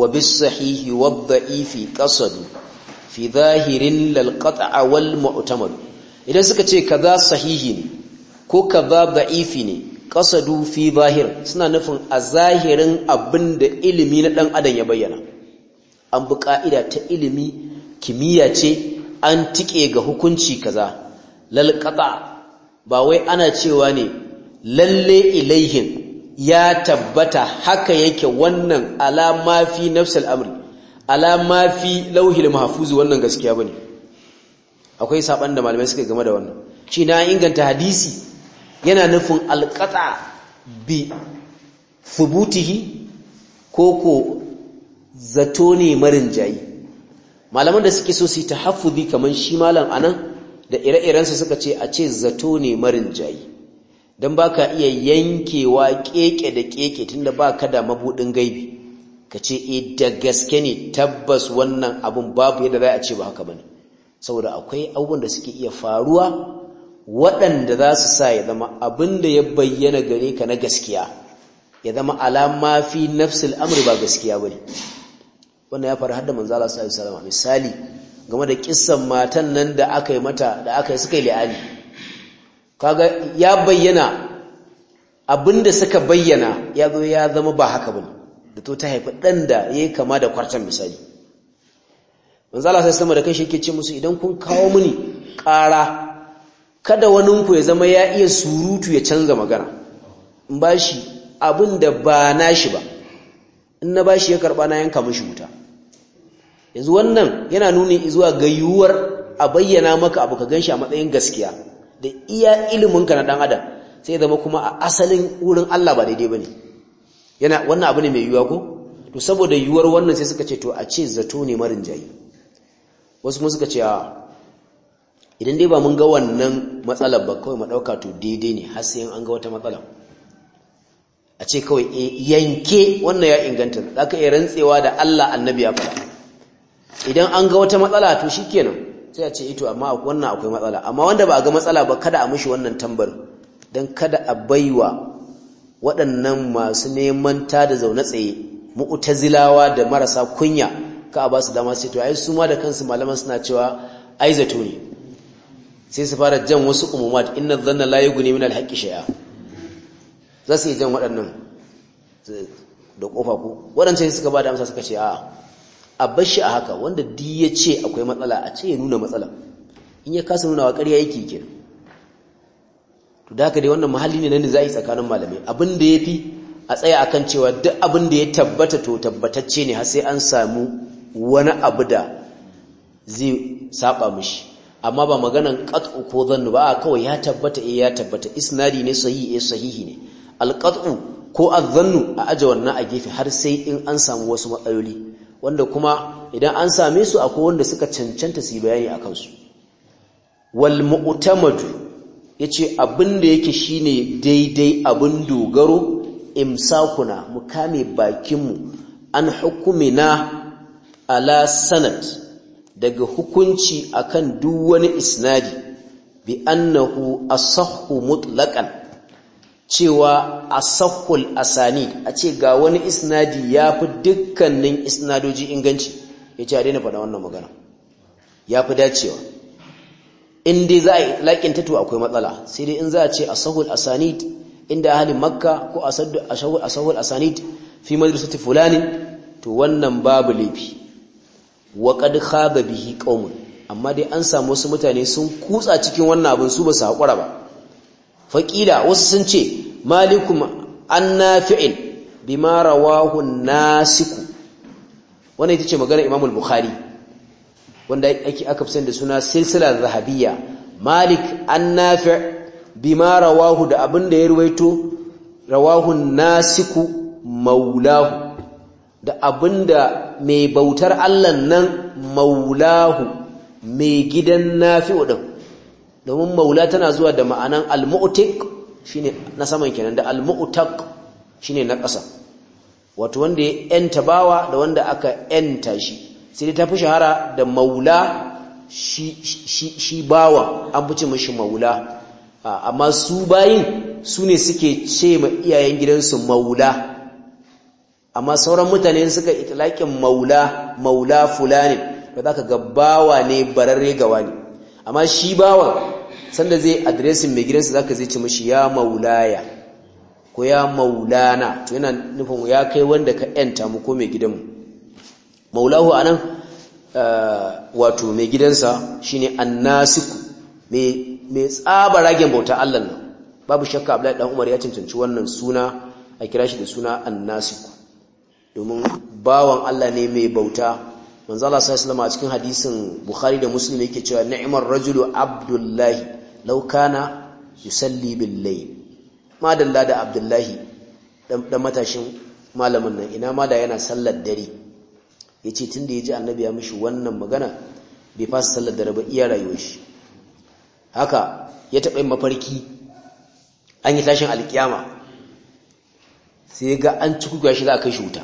wa bis sahihi wa dha'ifi qasadu fi zahirin lil qat'a wal mu'tamad idan suka ce kaza sahihi ne ko kaza dha'ifi ne qasadu fi zahir suna nufin a zahirin abinda ilimi na dan adam ya bayyana an bi ka'ida ta ilimi kimiyya ce an tike ga hukunci kaza lal qat'a ba wai ana cewa ne lalle ilaihin ya tabbata haka yake wannan alama fi nafsal amri alama fi lauhil mahfuz wannan gaskiya bane akwai saban da malamai suka game da wannan shi na inganta hadisi yana nufin alqata bi thubutihi koko zato ne marin jayi malaman da suke so su tahaffuzi kaman shi malam anan da ire-irensa suka ce a ce zato ne marin jayi don ba ka iya yankewa keke da keke tunda ba ka da mabuɗin gaibi ka ce e da gaske ne tabbas wannan abin babu yadda za a ce ba haka ba ne saboda akwai abubuwan da suke iya faruwa waɗanda za su sa ya zama abin da ya bayyana gare ka na gaskiya ya zama alama fi nafsul amri ba gaskiya ba ne wannan ya faru har da manzala sallallahu alaihi misali game da kissan matan nan da aka yi mata da aka yi suka yi kaga ya bayyana abinda suka bayyana ya zo ya zama ba haka ba, da to ta haifi dan da yayi kama da kwartan misali manzo Allah sai sama da shi yake ce musu idan kun kawo mini ƙara kada wanin ku ya zama ya iya surutu ya canza magana in bashi abinda da ba nashi ba in na bashi ya karba na yanka mishi wuta yanzu wannan yana nuni zuwa ga a bayyana maka abu ka ganshi a matsayin gaskiya da iya iliminka na dan adam sai zama kuma a asalin wurin Allah ba daidai bane yana wannan abu ne mai yuwa ko to saboda yuwar wannan sai suka ce to a ce zato ne marin jayi wasu kuma suka ce a idan dai ba mun ga wannan matsalar ba kawai mu dauka to daidai ne har sai an ga wata matsala a ce kawai eh, yanke wannan ya inganta zaka iya rantsewa da Allah annabi ya faɗa idan an ga wata matsala to shikenan sai a ce ito eh, amma wannan akwai matsala amma wanda ba a ga matsala ba kada a mishi wannan tambar don kada a baiwa waɗannan masu neman ta da zaune tsaye zilawa da marasa kunya ka a ba su dama sai to ai su ma da kansu malaman suna cewa ai zato ne sai su fara jan wasu umumat inna zanna la yughni min al shay'a za su yi jan waɗannan da kofa ko waɗancan suka ba da amsa suka ce a. a bashi a haka wanda di ya ce akwai matsala a ce ya nuna matsala in ya kasa nuna wa ƙarya yake ke to da haka dai wannan mahalli ne na yi tsakanin malamai abin da ya fi a tsaya akan cewa duk abin da ya tabbata to tabbatacce ne har sai an samu wani abu da zai saba mishi amma ba maganan qat'u ko zannu ba kawai ya tabbata eh ya tabbata isnadi ne sahihi eh sahihi ne alqat'u ko azannu a aje wannan a gefe har sai in an samu wasu matsaloli wanda kuma idan an same su akwai wanda suka cancanta su yi bayani a kansu wal mu'tamadu yace abin da yake shine daidai abin dogaro imsakuna mu kame bakinmu an hukumi na ala sanad daga hukunci akan duk wani isnadi bi annahu asahhu mutlaqan cewa asahul asani a ce ga wani isnadi ya fi dukkanin isnadoji inganci yace a daina faɗa wannan magana Ya fi dacewa in dai za a laƙin tattu akwai matsala sai dai in za a ce a asahul asanid inda halin makka ko a a asanid fi majalisar fulani to wannan babu laifi wa qad khaba bihi qaumun amma dai an samu wasu mutane sun kutsa cikin wannan abin su ba su haƙura ba faƙila wasu sun ce malikum an nafi'in bima rawahu nasiku wanda ita ce magana imamul bukhari wanda ake aka fi da suna silsila zahabiya. malik an nafi' bima rawahu da abin da ya ruwaito rawahun nasiku maulahu da abin da mai bautar Allah nan maulahu mai gidan nafi'u ɗin domin maula tana zuwa da ma'anan al-mu'tiq shine na saman kenan da al-mu'taq shine na ƙasa wato wanda ya yanta bawa da wanda aka yanta shi sai ta fi shahara da maula shi shi shi bawa an fice mishi maula amma su bayin su ne suke ce ma iyayen gidansu maula amma sauran mutane suka itlaƙin maula maula fulani ba za ka ga bawa ne bararre gawa ne amma shi bawan sanda zai adiresin mai gidansa zaka zai ce mashi ya maulaya ko ya maulana to yana nufin ya kai wanda ka yanta mu ko mai gidanmu maulahu anan eh, wato mai gidansa shine annasiku mai tsaba ragen bauta Allah nan babu shakka Abdullahi dan Umar ya cancanci wannan suna a kira shi da suna annasiku domin bawan Allah ne mai bauta manzo Allah sallallahu alaihi wasallam a cikin hadisin Bukhari da Muslim yake cewa ni'mar rajulu Abdullahi law kana yusalli bil layl madalla da abdullahi dan matashin malamin nan ina ma da yana sallar dare yace tunda yaji annabi ya mishi wannan magana bai fasa sallar dare ba iya rayuwar shi haka ya taba yin mafarki an yi tashin alkiyama sai ga an ci kuka shi za a kai shi wuta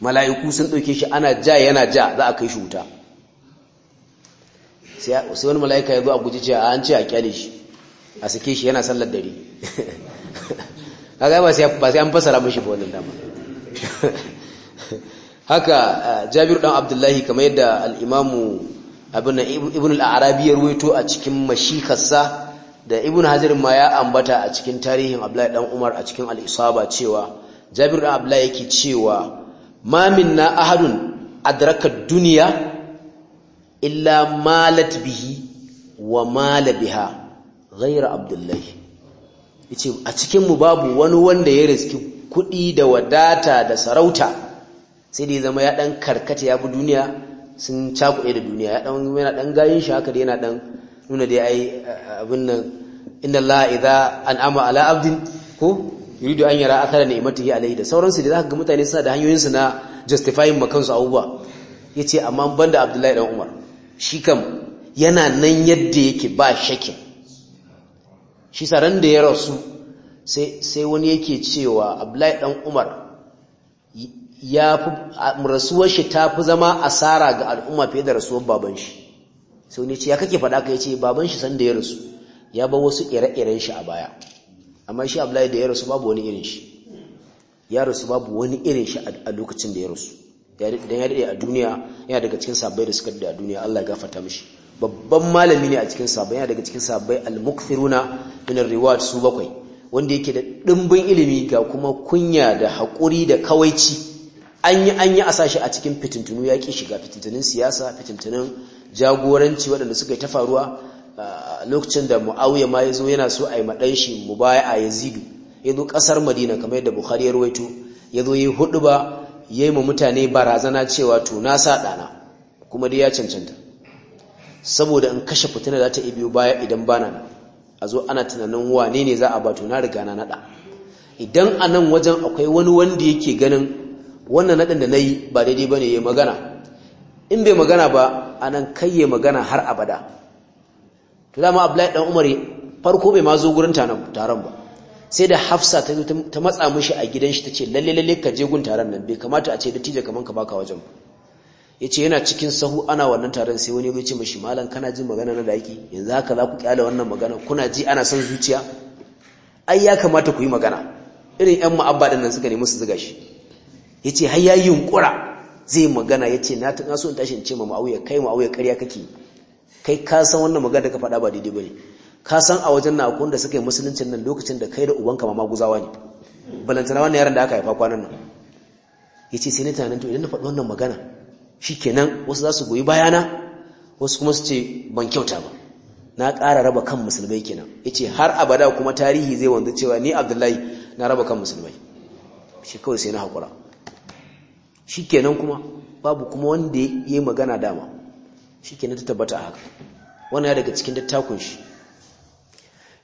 mala'iku sun ɗauke shi ana ja yana ja za a kai shi wuta sai wani mala'ika ya zo a guji ce a an ce a kyale shi a sake shi yana sallar dare *laughs* kaga ba sai an fasara mashi ba wannan dama *laughs* haka Jabiru dan Abdullahi kamar yadda al'imamu imam Ibn al'arabi ya ruwaito a cikin mashikarsa da Ibn Hajar ma ya ambata a cikin tarihin Abdullahi dan Umar a cikin alisaba cewa Jabiru dan Abdullahi yake cewa ma minna ahadun adraka duniya. illa malat bihi wa mala biha ghayra abdullahi yace a cikin mu babu wani wanda ya riski kuɗi da wadata da sarauta sai da ya zama ya dan karkata ya bi duniya sun cakuɗe da duniya ya dan yana dan gayin shi haka da yana dan nuna dai ai abin nan inna allaha idza an'ama ala abdin ko yuridu an yara athara ni'matihi alayhi da sauransu da zaka ga mutane suna da hanyoyin su na justifying makansu abubuwa yace amma banda abdullahi dan umar shi kam yana nan yadda yake ba shakin shi saran da ya rasu sai wani yake cewa abulai dan umar ya fi rasuwar shi ta fi zama asara ga al'umma fiye da rasuwar baban shi sai wani ce ya kake faɗa ka ce baban shi san ya rasu ya ba wasu ire-iren shi a baya amma shi abulai da ya rasu babu wani irin shi ya rasu babu wani irin shi a lokacin da ya rasu dan ya dade a duniya yana daga cikin sabbai da suka dade a duniya Allah ya gafarta mishi babban malami ne a cikin sabbai yana daga cikin sabbai al-mukthiruna min ar su bakwai wanda yake da ɗimbin ilimi ga kuma kunya da hakuri da kawaici an yi an yi a sashi a cikin fitintunu ya ki shiga fitintunin siyasa fitintunin jagoranci waɗanda suka yi ta faruwa lokacin da Muawiya ma ya zo yana so a yi madan shi a Yazid yazo kasar Madina kamar yadda Bukhari ya rawaito yazo yi hudu ba yayi ma mutane barazana cewa to na sa ɗana, kuma dai ya cancanta saboda in kashe fitina za ta biyu baya idan bana nan a zo ana tunanin wane ne za a ba to na riga na naɗa. idan a nan wajen akwai wani wanda yake ganin wannan naɗin da na yi ba daidai ba ne ya magana in bai magana ba a nan kai ya magana har abada to dama laif ɗan umar farko bai ma zo na taron ba sai da hafsa ta ta matsa mishi a gidan shi tace lalle lalle ka je gun taron nan bai kamata a ce dattijo kaman ka baka wajen yace yana cikin sahu ana wannan taron sai wani ya ce mishi malam kana jin magana na da yanzu haka za ku kyale wannan magana kuna ji ana son zuciya ai ya kamata ku yi magana irin 'yan mu'abba din nan suka nemi su ziga shi yace har ya yunkura zai magana yace na na so in tashi in ce ma mu'awiya kai mu'awiya ƙarya kake kai ka san wannan magana da ka faɗa ba daidai bane ka san a wajen na akwai da suka yi musuluncin nan lokacin da kai da ubanka ma maguzawa ne balantana wannan yaran da aka haifa kwanan nan ya ce sai ni tunanin to idan na faɗi wannan magana shi kenan wasu za su goyi bayana wasu kuma su ce ban kyauta ba na ƙara raba kan musulmai kenan ya ce har abada kuma tarihi zai wanzu cewa ni abdullahi na raba kan musulmai shi kawai sai na haƙura shi kenan kuma babu kuma wanda ya yi magana dama shi kenan ta tabbata a haka wannan ya daga cikin dattakun shi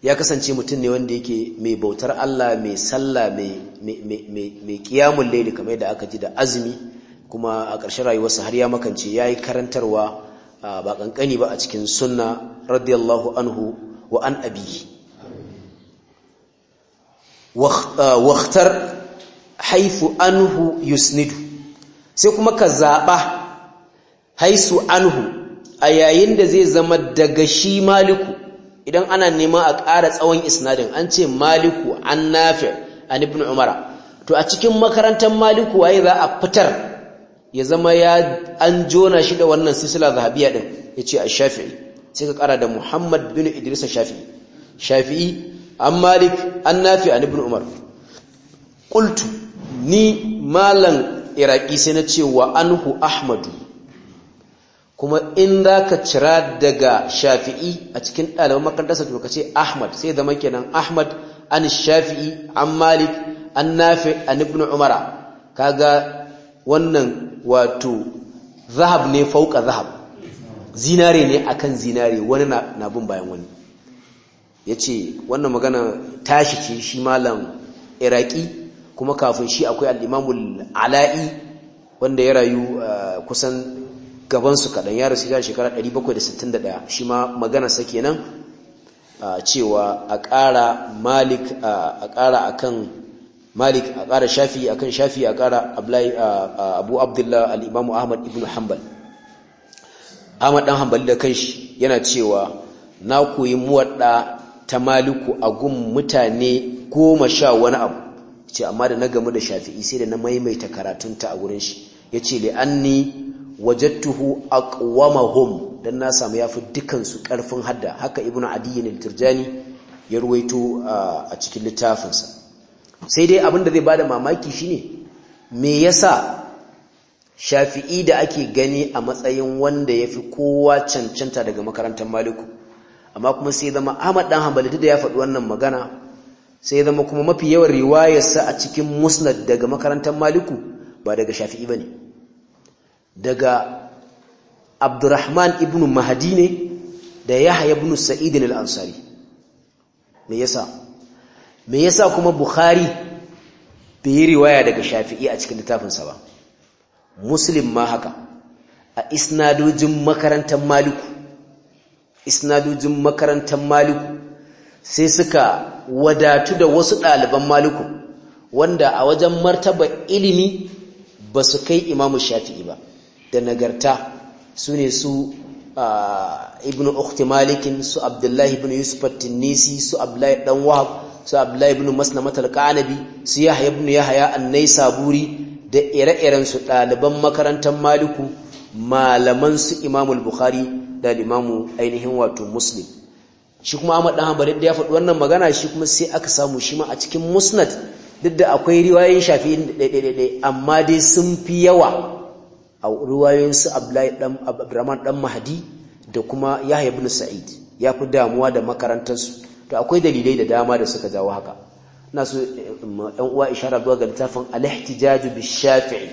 ya kasance mutum ne wanda yake mai bautar Allah mai sallah mai kiyamun laili kamar yadda aka ji da azumi kuma a ƙarshen rayuwarsa har ya makance ya yi karantarwa ba ƙanƙani ba a cikin sunna radiyallahu anhu wa an abi waktar haifu anhu yusnidu sai kuma ka zaɓa haisu anhu a yayin da zai zama daga shi maliku idan ana nema a ƙara tsawon isnadin an ce maliku an nafi an ibn umara to a cikin makarantar maliku waye za a fitar ya zama ya an jona shi da wannan silsila zahabiya din ce a shafii sai ka ƙara da muhammad bin idris shafi'i shafi'i an malik an nafi an ibn umar qultu ni malan iraki sai na ce wa anhu ahmadu kuma in za ka cira daga shafi'i a cikin ɗaliban makarantarsa to ka ce ahmad sai zama kenan ahmad an shafi'i an malik an nafi an ibn umara kaga wannan wato zahab ne fauka zahab zinare ne akan zinare wani na bin bayan wani ya ce wannan magana tashi ce shi malam iraki kuma kafin shi akwai al'imamul ala'i wanda ya rayu ah, kusan gabansu kaɗan ya rasu shekara 761 shi ma maganarsa kenan cewa a ƙara malik a ƙara akan malik a ƙara shafi akan shafi a ƙara abu abdullah al'imamu ahmad ibn hanbal ahmad ɗan hanbali da kanshi yana cewa na koyi muwaɗa ta maliku a gun mutane goma sha wani abu ce amma da na gamu da shafi'i sai da na maimaita karatunta a wurin shi ya ce li'anni wajadtuhu aqwamahum dan na samu yafi dukan su karfin hadda haka ibnu adiyyin al tirjani ya ruwaito uh, a cikin littafinsa sai dai abinda zai bada mamaki shine me yasa shafi'i da ake gani a matsayin wanda yafi kowa cancanta daga makarantar maliku amma kuma sai zama Ahmad dan Hanbali da ya faɗi wannan magana sai zama kuma mafi yawan riwayarsa a cikin musnad daga makarantar maliku ba daga shafi'i bane daga abdurrahman ibn mahadi ne da yahya ibn sa'id al-ansari me yasa me yasa kuma bukhari bai yi riwaya daga shafi'i a cikin littafinsa ba muslim ma haka a isnadojin makarantar maliku isnadojin makarantar maliku sai suka wadatu da wasu ɗaliban maliku wanda a wajen martaba ilimi ba su kai imamu shafi'i ba da nagarta su ne su ibn ukhti malikin su abdullahi ibn yusuf tinisi su abdullahi dan wahab su abdullahi ibn maslamah al su yahya ibn yahya an-naisaburi da ire-iren su ɗaliban makarantar maliku malaman su al bukhari da imam ainihin wato muslim shi kuma ahmad dan hanbali da ya faɗi wannan magana shi kuma sai aka samu shi ma a cikin musnad duk da akwai riwayoyin shafi'i ɗaiɗaiɗaiɗai amma dai sun fi yawa a ruwayoyinsu abdurrahman dan mahadi da kuma yahya ibn sa'id ya fi damuwa da makarantarsu to akwai dalilai da dama da suka jawo haka ina so ɗan uwa ishara zuwa ga littafin al-ihtijaju bi shafi'i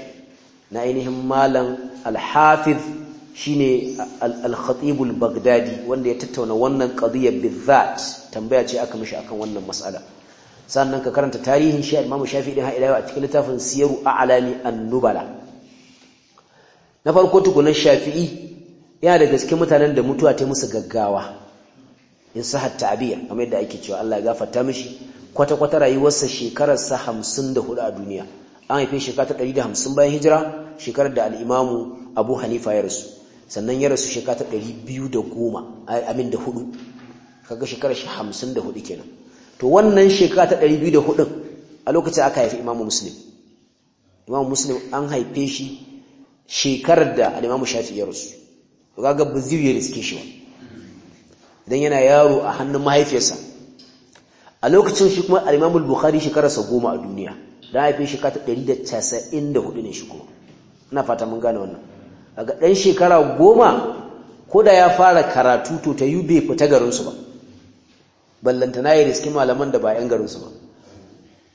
na ainihin malam al shine al Bagdadi, wanda ya tattauna wannan qadiyya bizat tambaya ce aka mishi akan wannan mas'ala sannan ka karanta tarihin shi al-imam shafi'i ha har ila yau a cikin littafin siyaru a'lami an-nubala na farko tukunan shafi'i yana da gaske mutanen da mutuwa ta musu gaggawa in sa hatta abiya kamar yadda ake cewa Allah ya gafarta mishi kwata kwata rayuwarsa shekarar sa 54 a duniya an haife shekara ta 150 bayan hijira shekarar da al-Imam Abu Hanifa ya rasu sannan ya rasu shekara ta 210 amin da hudu kaga shekarar shi 54 kenan to wannan shekara ta 204 a lokacin aka haifi Imam Muslim Imam Muslim an haife shi shekarar da al-Imam ya rasu to kaga ba ya riske shi ba idan yana yaro a hannun mahaifiyarsa a lokacin shi kuma al-Imam bukhari shekararsa goma a duniya da haifin shi kata 194 ne shi kuma ina fata mun gane wannan kaga dan shekara goma ko da ya fara karatu to ta yube fita garinsu su ba ballanta ya yi malaman da ba 'yan garinsu ba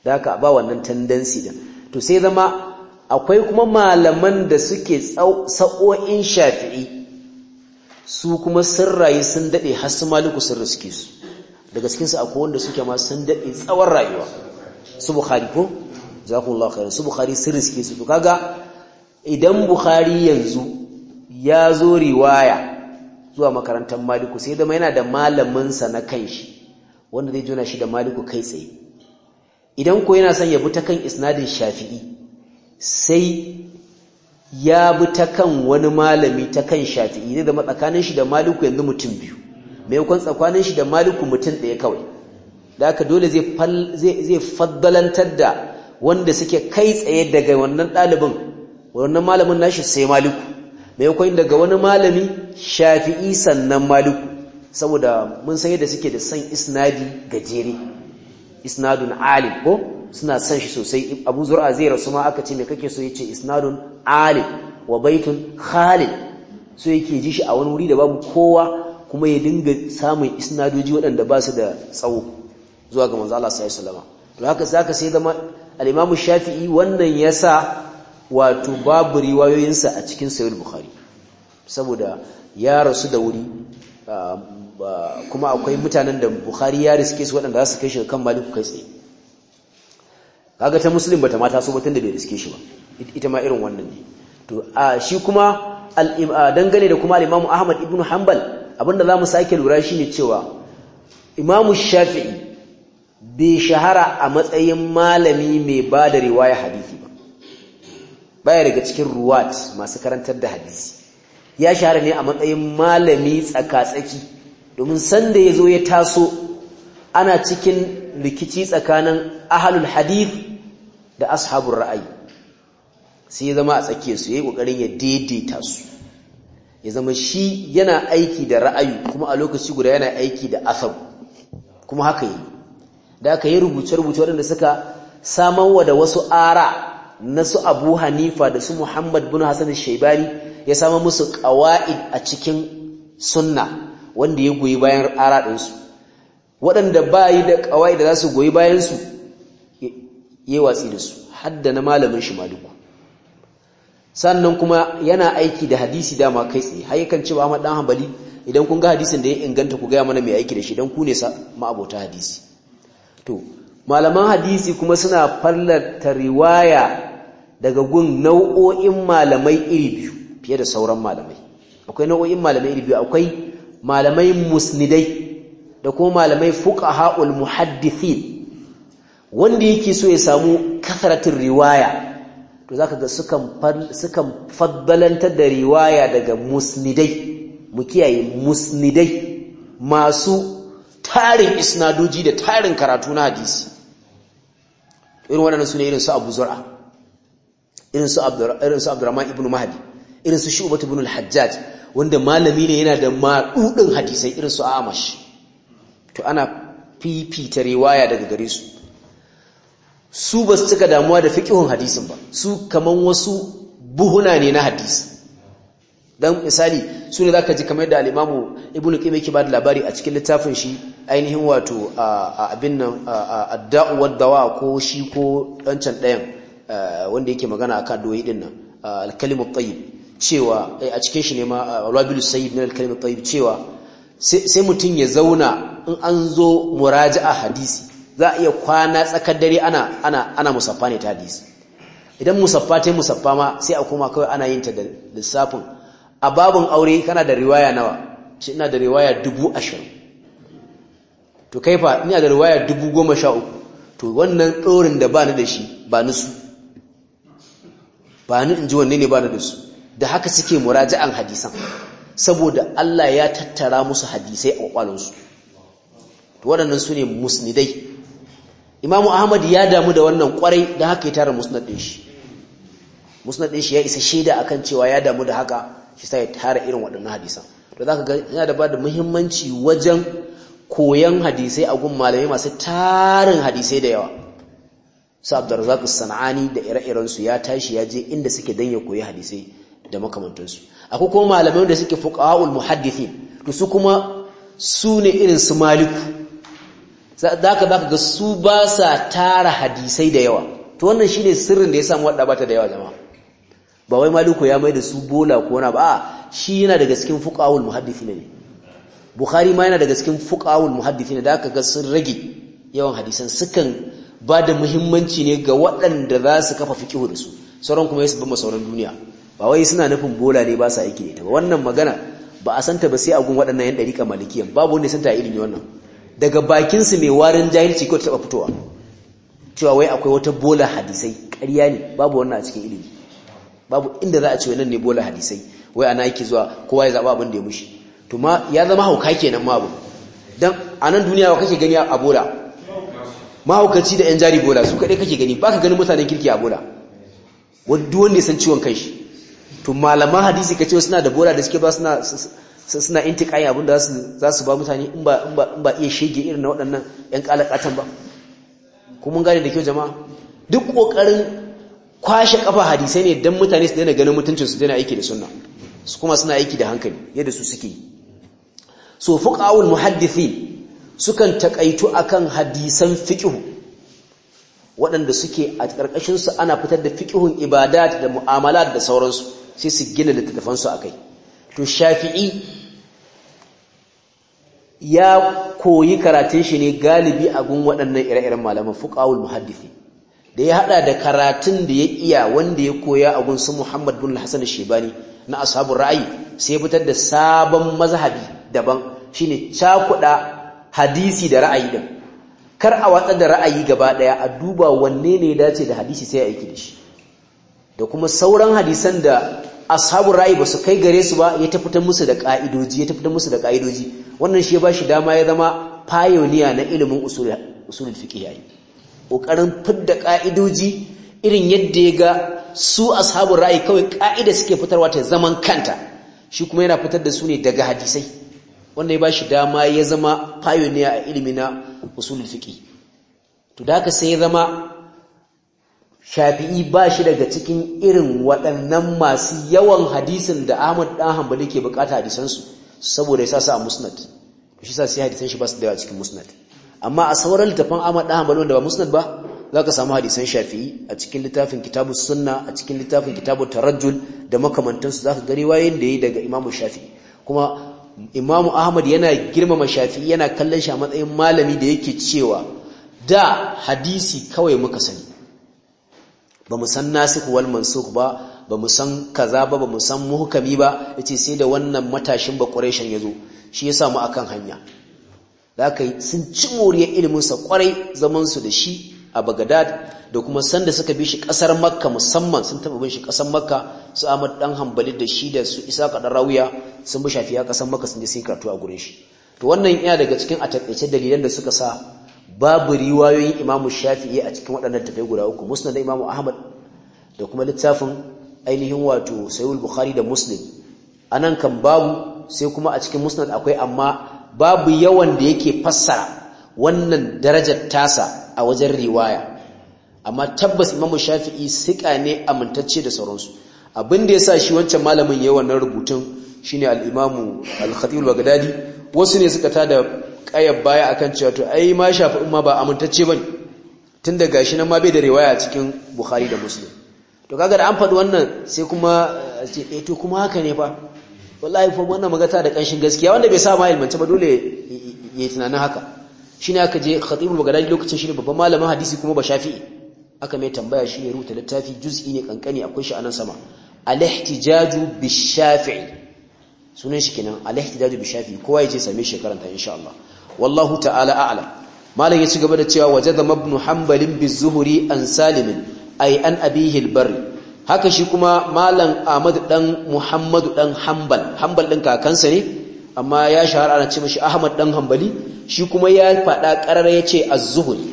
da haka ba wannan tendency din to sai zama akwai kuma malaman da suke sa'o'in shafi'i su kuma sun rayu sun daɗe har su maliku sun riske su daga cikinsu akwai wanda suke ma sun daɗe tsawon rayuwa su bukhari ko zakullahu khairan su bukhari sun riske su to kaga idan bukhari yanzu ya zo riwaya zuwa makarantar maliku sai dama yana da malaminsa na kanshi wanda zai jona shi da maliku kai tsaye idan ko yana son ya bi ta kan isnadin shafi'i sai ya bi ta kan wani malami ta kan shafi'i zai da tsakanin shi da maliku yanzu mutum biyu kwan tsakanin shi da maliku mutum ɗaya kawai da aka dole zai faddalantar da wanda suke kai tsaye daga wannan ɗalibin wannan malamin nashi sai maliku kwan daga wani malami shafi'i sannan maliku saboda mun san yadda suke da san isnadi gajere isnadun alim ko suna san shi sosai abu zur'a zai rasu ma aka ce mai kake so ya ce isnadun ali wa baitun khalid so yake ji shi a wani wuri da babu kowa kuma ya dinga samun isnadoji waɗanda ba su da tsawo zuwa ga manzo Allah sallallahu to haka zaka sai zama al Shafi'i wannan yasa wato babu riwayoyinsa a cikin Sahih Bukhari saboda ya rasu da wuri ah, kuma akwai mutanen da Bukhari ya riske su waɗanda za su kai shi kan Malik kai tsaye kaga ta muslim bata mata so batun da bai riske shi ba ita ma irin wannan ne to a shi kuma dangane da kuma al-Imam Ahmad ibn Hanbal abinda mu sake lura shi ne cewa imamu Shafi'i bai shahara a matsayin malami mai bada riwaya hadisi ba baya daga cikin ruwat masu karantar da hadisi ya shahara ne a matsayin malami tsakatsaki tsaki domin sanda yazo ya taso ana cikin rikici tsakanin ahlul hadith da ashabun ra'ayi sai ya zama a tsakiya su ya yi ƙoƙarin ya daidaita su ya zama shi yana aiki da ra'ayi kuma a lokaci guda yana aiki da asab kuma haka yi da aka yi rubuce-rubuce waɗanda suka wa da wasu ara na su abu hanifa da su muhammad bin hassan shaibani ya samar musu ƙawa'id a cikin sunna wanda ya goyi bayan ara ɗinsu waɗanda ba yi da ƙawa'id da za su goyi bayansu yi watsi da su hadda na malamin shi maluku sannan kuma yana aiki da hadisi dama kai tsaye har yakan cewa ma dan Hanbali idan kun ga hadisin da ya inganta ku ga mana mai aiki da shi dan ku ne sa ma'abota hadisi to malaman hadisi kuma suna fallata riwaya daga gun nau'o'in malamai iri biyu fiye da sauran malamai akwai nau'o'in malamai iri biyu akwai malamai musnidai da kuma malamai fuqaha'ul muhaddithin wanda yake so ya samu kasaratin riwaya to zaka ga sukan sukan da riwaya daga musnidai mu kiyaye musnidai masu tarin isnadoji da tarin karatu na hadisi irin waɗannan su irin su Abu Zur'a irin su irin su ibn Mahdi irin su Shu'bah ibn al-Hajjaj wanda malami ne yana da maɗuɗin hadisai irin su Amash to ana fifita riwaya daga gare su su ba su cika damuwa da fiƙihun hadisin ba su kamar wasu buhuna ne na hadisi don misali su ne za ka ji kamar da al'imamu ibn ƙime ke ba da labari a cikin littafin shi ainihin wato a abin nan adda'uwar dawa ko shi ko ɗancan ɗayan wanda yake magana a kan doyi ɗin nan alkalimun cewa eh, a cikin shi ne ma rabilu sayib na cewa sai mutum ya zauna in an zo a hadisi za a iya kwana tsakar dare ana ana ana musaffa ne ta hadisi idan musaffa ta musaffa ma sai a koma kawai ana yin ta da lissafin a babin aure kana da riwaya nawa shi ina da riwaya dubu ashirin to kai fa ina da riwaya dubu goma sha uku to wannan tsorin da ba ni da shi ba ni su ba ni in ji wanne ne ba ni da su da haka suke muraja'an hadisan saboda Allah ya tattara musu hadisai a kwakwalonsu to waɗannan su ne musnidai imamu ahmad ya damu da wannan kwarai da haka ya tara musnad din shi musnad shi ya isa shaida akan cewa ya damu da haka shi sai ya tara irin waɗannan hadisan to zaka ga yana da bada muhimmanci wajen koyan hadisai a gun malamai masu tarin hadisai da yawa su Abdurrazzaq sanani da ire-iren su ya tashi ya je inda suke dan ya koyi hadisai da makamantansu akwai kuma malamai da suke fuqaha'ul muhaddithin to su kuma su ne irin su maliku za ka ga su ba sa tara hadisai da yawa to wannan shine sirrin da ya samu wadda bata da yawa jama'a ba wai maluku ya mai da su bola ko wani ba a shi yana daga cikin fuqahul muhaddithina ne bukhari ma yana daga cikin fuqahul muhaddithina da aka ga sun rage yawan hadisan sukan ba da muhimmanci ne ga waɗanda za su kafa fiqhu da su sauran kuma yasu ba sauran duniya ba wai suna nufin bola ne ba sa aiki ne ta ba wannan magana ba a santa ba sai a gun waɗannan yan dariƙa malikiyan babu wanda ya santa ilimi wannan daga bakinsu mai warin jahilci ko ta taba fitowa cewa wai akwai wata bola hadisai ƙarya ne babu wannan a cikin ilimi babu inda za a ce wannan ne bola hadisai wai ana yake zuwa kowa ya zaba abin da ya mushi to ma ya zama hauka kenan ma abu dan a nan duniya wa kake gani a bola mahaukaci da yan jari bola su kaɗai kake gani baka ganin mutanen kirki a bola wanda wanda ya san ciwon shi. to malaman hadisi kace suna da bola da suke ba suna sun suna intiƙayi abin da za su ba mutane in ba iya shege irin na waɗannan 'yan ƙalaƙatan ba kuma gane da kyau jama'a duk ƙoƙarin kwashe ƙafa hadisai ne don mutane su daina ganin mutuncin su daina aiki da sunna su kuma suna aiki da hankali yadda su suke so fuqa'ul muhaddithin sukan takaitu akan hadisan fiƙihu waɗanda suke a ƙarƙashin su ana fitar da fiqhun ibadat da mu'amala da sauransu sai su gina littattafansu akai to shafi'i ya koyi karatun shi ne galibi a gun waɗannan ire-iren malaman fuqahul muhaddisi da ya haɗa da karatun da ya iya wanda ya koya a gun Muhammad bin Hassan Shebani na ashabul ra'ayi sai fitar da sabon mazhabi daban shine cakuɗa hadisi da ra'ayi din kar a watsa da ra'ayi gaba ɗaya, a duba wanne ne ya dace da hadisi sai a aiki da shi da kuma sauran hadisan da ashabu ra'ayi ba su kai gare su ba ya tafitar musu da ka'idoji ya tafitar musu da ka'idoji wannan shi ya shi dama ya zama payoniya na ilimin usul usul fiqh yayi kokarin fidda ka'idoji irin yadda ya ga su ashabu ra'ayi kawai ƙa'ida suke fitarwa ta zaman kanta shi kuma yana fitar da su ne daga hadisai wannan ya bashi dama ya zama payoniya a ilimi na usul fiqh to da haka sai ya zama shafi'i ba shi daga cikin irin waɗannan masu yawan hadisin da ahmad ɗan hambali ke bukata hadisansu saboda ya sa su a musnad shi sa sai hadisan shi ba su da yawa cikin musnad amma a sauran littafin ahmad ɗan hambali wanda ba musnad ba za ka samu hadisan shafi'i a cikin littafin kitabu sunna a cikin littafin kitabu tarajjul da makamantansu za ka gari wayan da ya yi daga imamu shafi'i kuma imamu ahmad yana girmama shafi'i yana kallon shi a matsayin malami da yake cewa da hadisi kawai muka sani ba mu san nasikh wal mansukh ba ba mu san kaza ba ba mu san muhkami ba yace sai da wannan matashin ba quraishin yazo shi ya samu akan hanya zaka sun ci moriyar ilimin sa kwarai zaman su da shi a Baghdad da kuma sanda suka bi shi kasar Makka musamman sun taba bin shi kasar Makka su Ahmad dan Hanbali da shi da su Isa kadan Rawiya sun bi shafiya kasar Makka sun je sun karatu a gurin shi to wannan yana daga cikin a takaice dalilan da suka sa babu riwayoyin imamu shafi'i a cikin waɗannan tafai guda uku musnad imamu ahmad da kuma littafin ainihin wato sayul bukhari da muslim anan kan babu sai kuma a cikin musnad akwai amma babu yawan da yake fassara wannan darajar tasa a wajen riwaya amma tabbas imamu shafi'i siƙa ne amintacce da sauransu abin da ya sa shi wancan malamin yawan nan rubutun shine al-imamu al-khatib al wasu ne suka tada kayar baya akan cewa to ai ma shafi umma ba amintacce bane tun da gashi nan ma bai da riwaya cikin bukhari da muslim to kaga da an faɗi wannan sai kuma sai eh, eh to kuma haka ne fa wallahi fa wannan magata da kanshin gaskiya wanda bai sa ma ilmance ba dole yi tunanin haka shine aka je khatibul bagdadi lokacin shine babban malamin hadisi kuma ba shafi'i aka mai tambaya ne rubuta littafi juz'i ne kankani akwai shi anan sama al-ihtijaju bi sunan shi kenan al-ihtijaju bi kowa ya je same shi karanta wallahu ta'ala a'lam malam ya ci gaba da cewa wajada mabnu hanbalin bizuhuri an salimin ay an abihi albar haka shi kuma malam ahmad dan muhammad dan hanbal hanbal din kakansa ne amma ya shahara ana ce mishi ahmad dan hanbali shi kuma ya faɗa ƙarar yace az-zuhri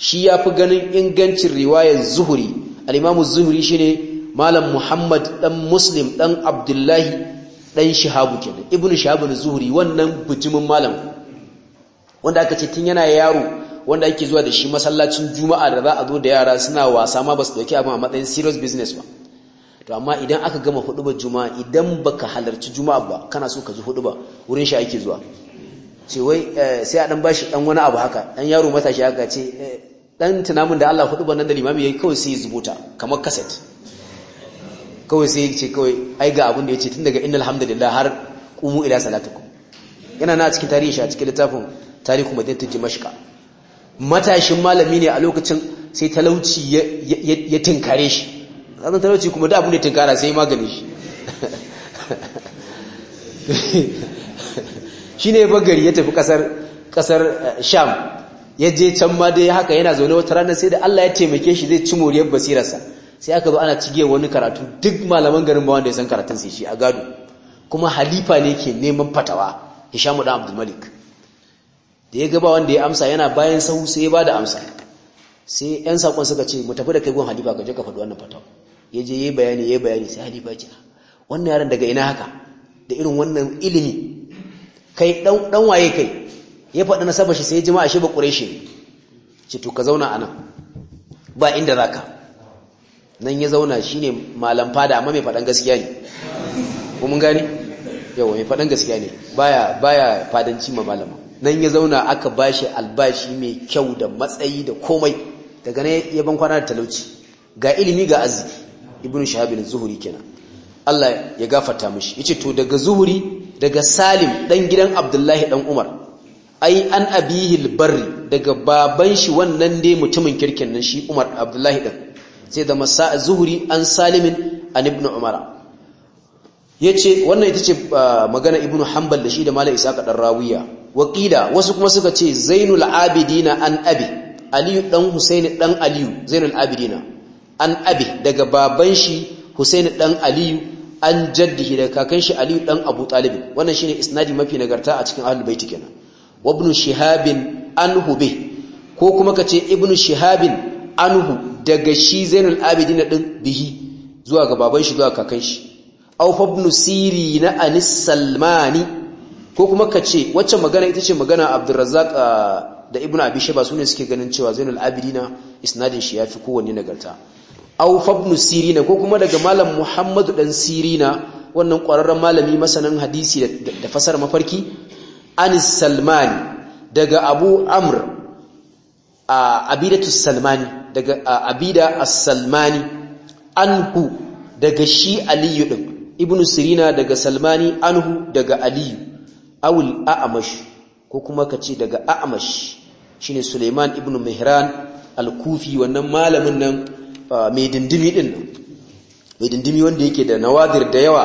shi yafi ganin ingancin riwayar zuhri al-imam az-zuhri shine malam muhammad dan muslim dan abdullahi dan shahabu kenan ibnu shahab az-zuhri wannan bijimin malam wanda aka ce tun yana yaro wanda ake zuwa da shi masallacin juma'a da za a zo da yara suna wasa ma ba su dauki abin a matsayin serious business ba to amma idan aka gama hudubar juma'a idan baka halarci juma'a ba kana so ka hudu ba wurin shi ake zuwa ce wai eh, sai a dan bashi dan wani abu haka dan yaro matashi haka ce dan eh, tunamin da Allah hudubar nan da limami yayi kawai sai ya zubuta kamar cassette kawai sai ya ce kawai ai ga abin da ya ce tun daga innal hamdulillah har qumu ila salatukum yana na cikin tarihi shi a cikin littafin tarihu madinatu dimashqa matashin malami ne a lokacin sai talauci ya tinkare shi zan talauci kuma da abu ne tinkara sai magani shi *laughs* shi ne bagari ya tafi kasar eh, sham ya je can ma dai haka yana zaune wata ranar sai da Allah ya taimake shi zai ci moriyar basirarsa sai aka zo ana cige wani karatu duk malaman garin ba wanda ya san karatun sai shi a gado kuma halifa ne ke neman fatawa Hishamu dan Abdul Malik da ya gaba wanda ya amsa yana bayan sahu sai ya bada amsa sai yan sakon suka ce mu tafi da kai gun halifa ka je ka faɗi wannan fatawa ya je ya bayani ya bayani sai halifa ya ce ah, wannan yaron daga ina haka da irin wannan ilimi kai ɗan waye kai ya faɗi na shi sai jima'a shi ba shi ce to ka zauna anan ba inda za ka nan ya zauna shine malam fada amma mai faɗan gaskiya ne ko mun gane yawa mai faɗan gaskiya ne baya baya fadanci ma malama nan ya zauna aka bashi albashi mai kyau da matsayi da komai daga ne ya ban kwana da talauci ga ilimi ga arziki ibn shahabin zuhuri kenan Allah ya gafarta mishi yace to daga zuhuri daga salim dan gidan abdullahi dan umar ai an abihi albarri daga baban shi wannan dai mutumin kirkin nan shi umar abdullahi dan sai da masa zuhuri an salimin an ibn umara yace wannan ita ce ah, magana ibn hanbal da shi da malai isa ka dan rawiya waƙila wasu kuma suka ce zainul abidina an abi aliyu ɗan husaini ɗan aliyu zainul abidina an abi daga baban shi husaini ɗan aliyu an jaddihi daga kakan shi aliyu ɗan abu talibin wannan shi ne isnadi mafi nagarta a cikin ahal baiti kenan wabnu shihabin anhu be ko kuma ka ce ibnu shihabin anhu daga shi zainul abidina ɗin bihi zuwa ga baban shi zuwa kakan shi ibn sirina anis salmani ko kuma ka ce wacce magana ita ce magana abdurrazzak ah, da Ibn abi su ne suke ganin cewa zainul abidina isnadin shi fi kowanne nagarta au fabnu sirina ko kuma daga malam muhammadu dan sirina wannan ƙwararren malami masanin hadisi da fasar mafarki anis salmani daga abu amr ah, abidatu salmani daga ah, abida as-salmani anhu daga shi aliyu din ibnu sirina daga salmani anhu daga aliyu awul a'amash ko kuma ka ce daga a'amash shine Suleiman ibn Mihran al-Kufi wannan malamin nan mai dindimi din mai dindimi wanda yake da nawadir da yawa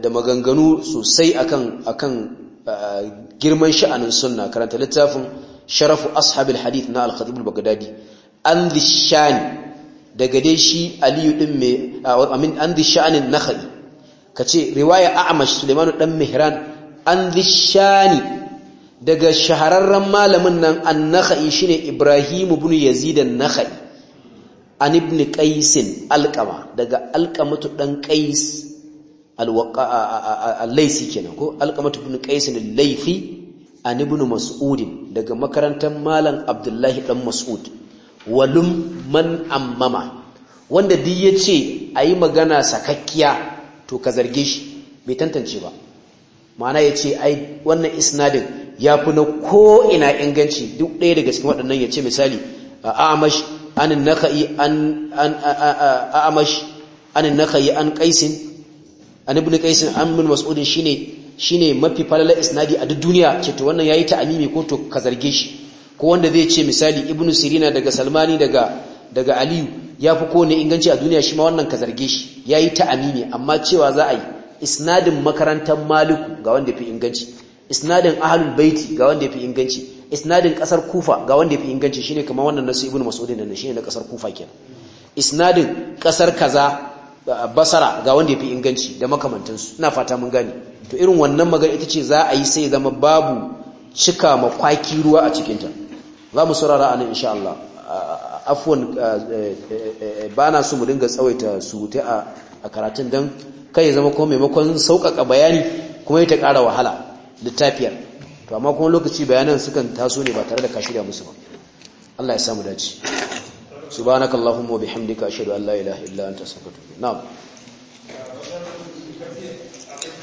da maganganu sosai akan akan girman sha'anin sunna karanta littafin sharafu ashabil hadith na al-Khatib al-Baghdadi an dhishani daga dai shi Aliyu din mai amin an dhishani nakhai kace riwaya a'amash Suleiman dan Mihran an zishani daga shahararren malamin nan an naha'i shi ne Ibrahimu bin Yazidan naha'i an ibn qais daga alkamatu dan qais al-laisi kenan ko alkamatu bin ƙaisin laifi an ibn mas'udin daga makarantar malam abdullahi Ɗan mas'ud walum man ammama wanda duk yace ayi magana sakakkiya to ka zarge shi bai tantance ba ma'ana ya ce ai wannan isnadin ya fi na ko'ina inganci duk ɗaya daga cikin waɗannan ya ce misali amash anin an qaisin an ibn qaisin an min mas'udin shine ne mafi falala isnadi a duk duniya ce to wannan ya yayi ta'amimi ko to ka zarge shi ko wanda zai ce misali ibnu sirina daga salmani daga daga aliyu ya fi kowane inganci a duniya shi ma wannan ka zarge shi ya yi ta'ami ta'amimi amma cewa za a yi isnadin makarantar maliku ga wanda ya fi inganci isnadin ahlul baiti ga wanda ya fi inganci isnadin kasar kufa ga wanda ya fi inganci shine kamar wannan nasu ibnu mas'ud ne shine na kasar kufa kenan isnadin kasar kaza basara ga wanda ya fi inganci da makamantansu ina fata mun gane to irin wannan magana ita ce za a yi sai zama babu cika makwaki ruwa a cikinta za mu saurara a nan insha Allah afwan ba na so mu dinga tsawaita surutai a karatun dan kai ya zama kuma maimakon sauƙaƙa bayani kuma ya ta ƙara wahala littafiyar to amma kuma lokaci bayanan sukan taso ne ba tare da kashirya musu ba Allah ya samu dace subhanakallahumma wa bihamdika ashhadu an la ilaha illa anta astaghfiruka wa atubu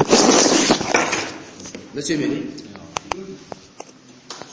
na'am nace mene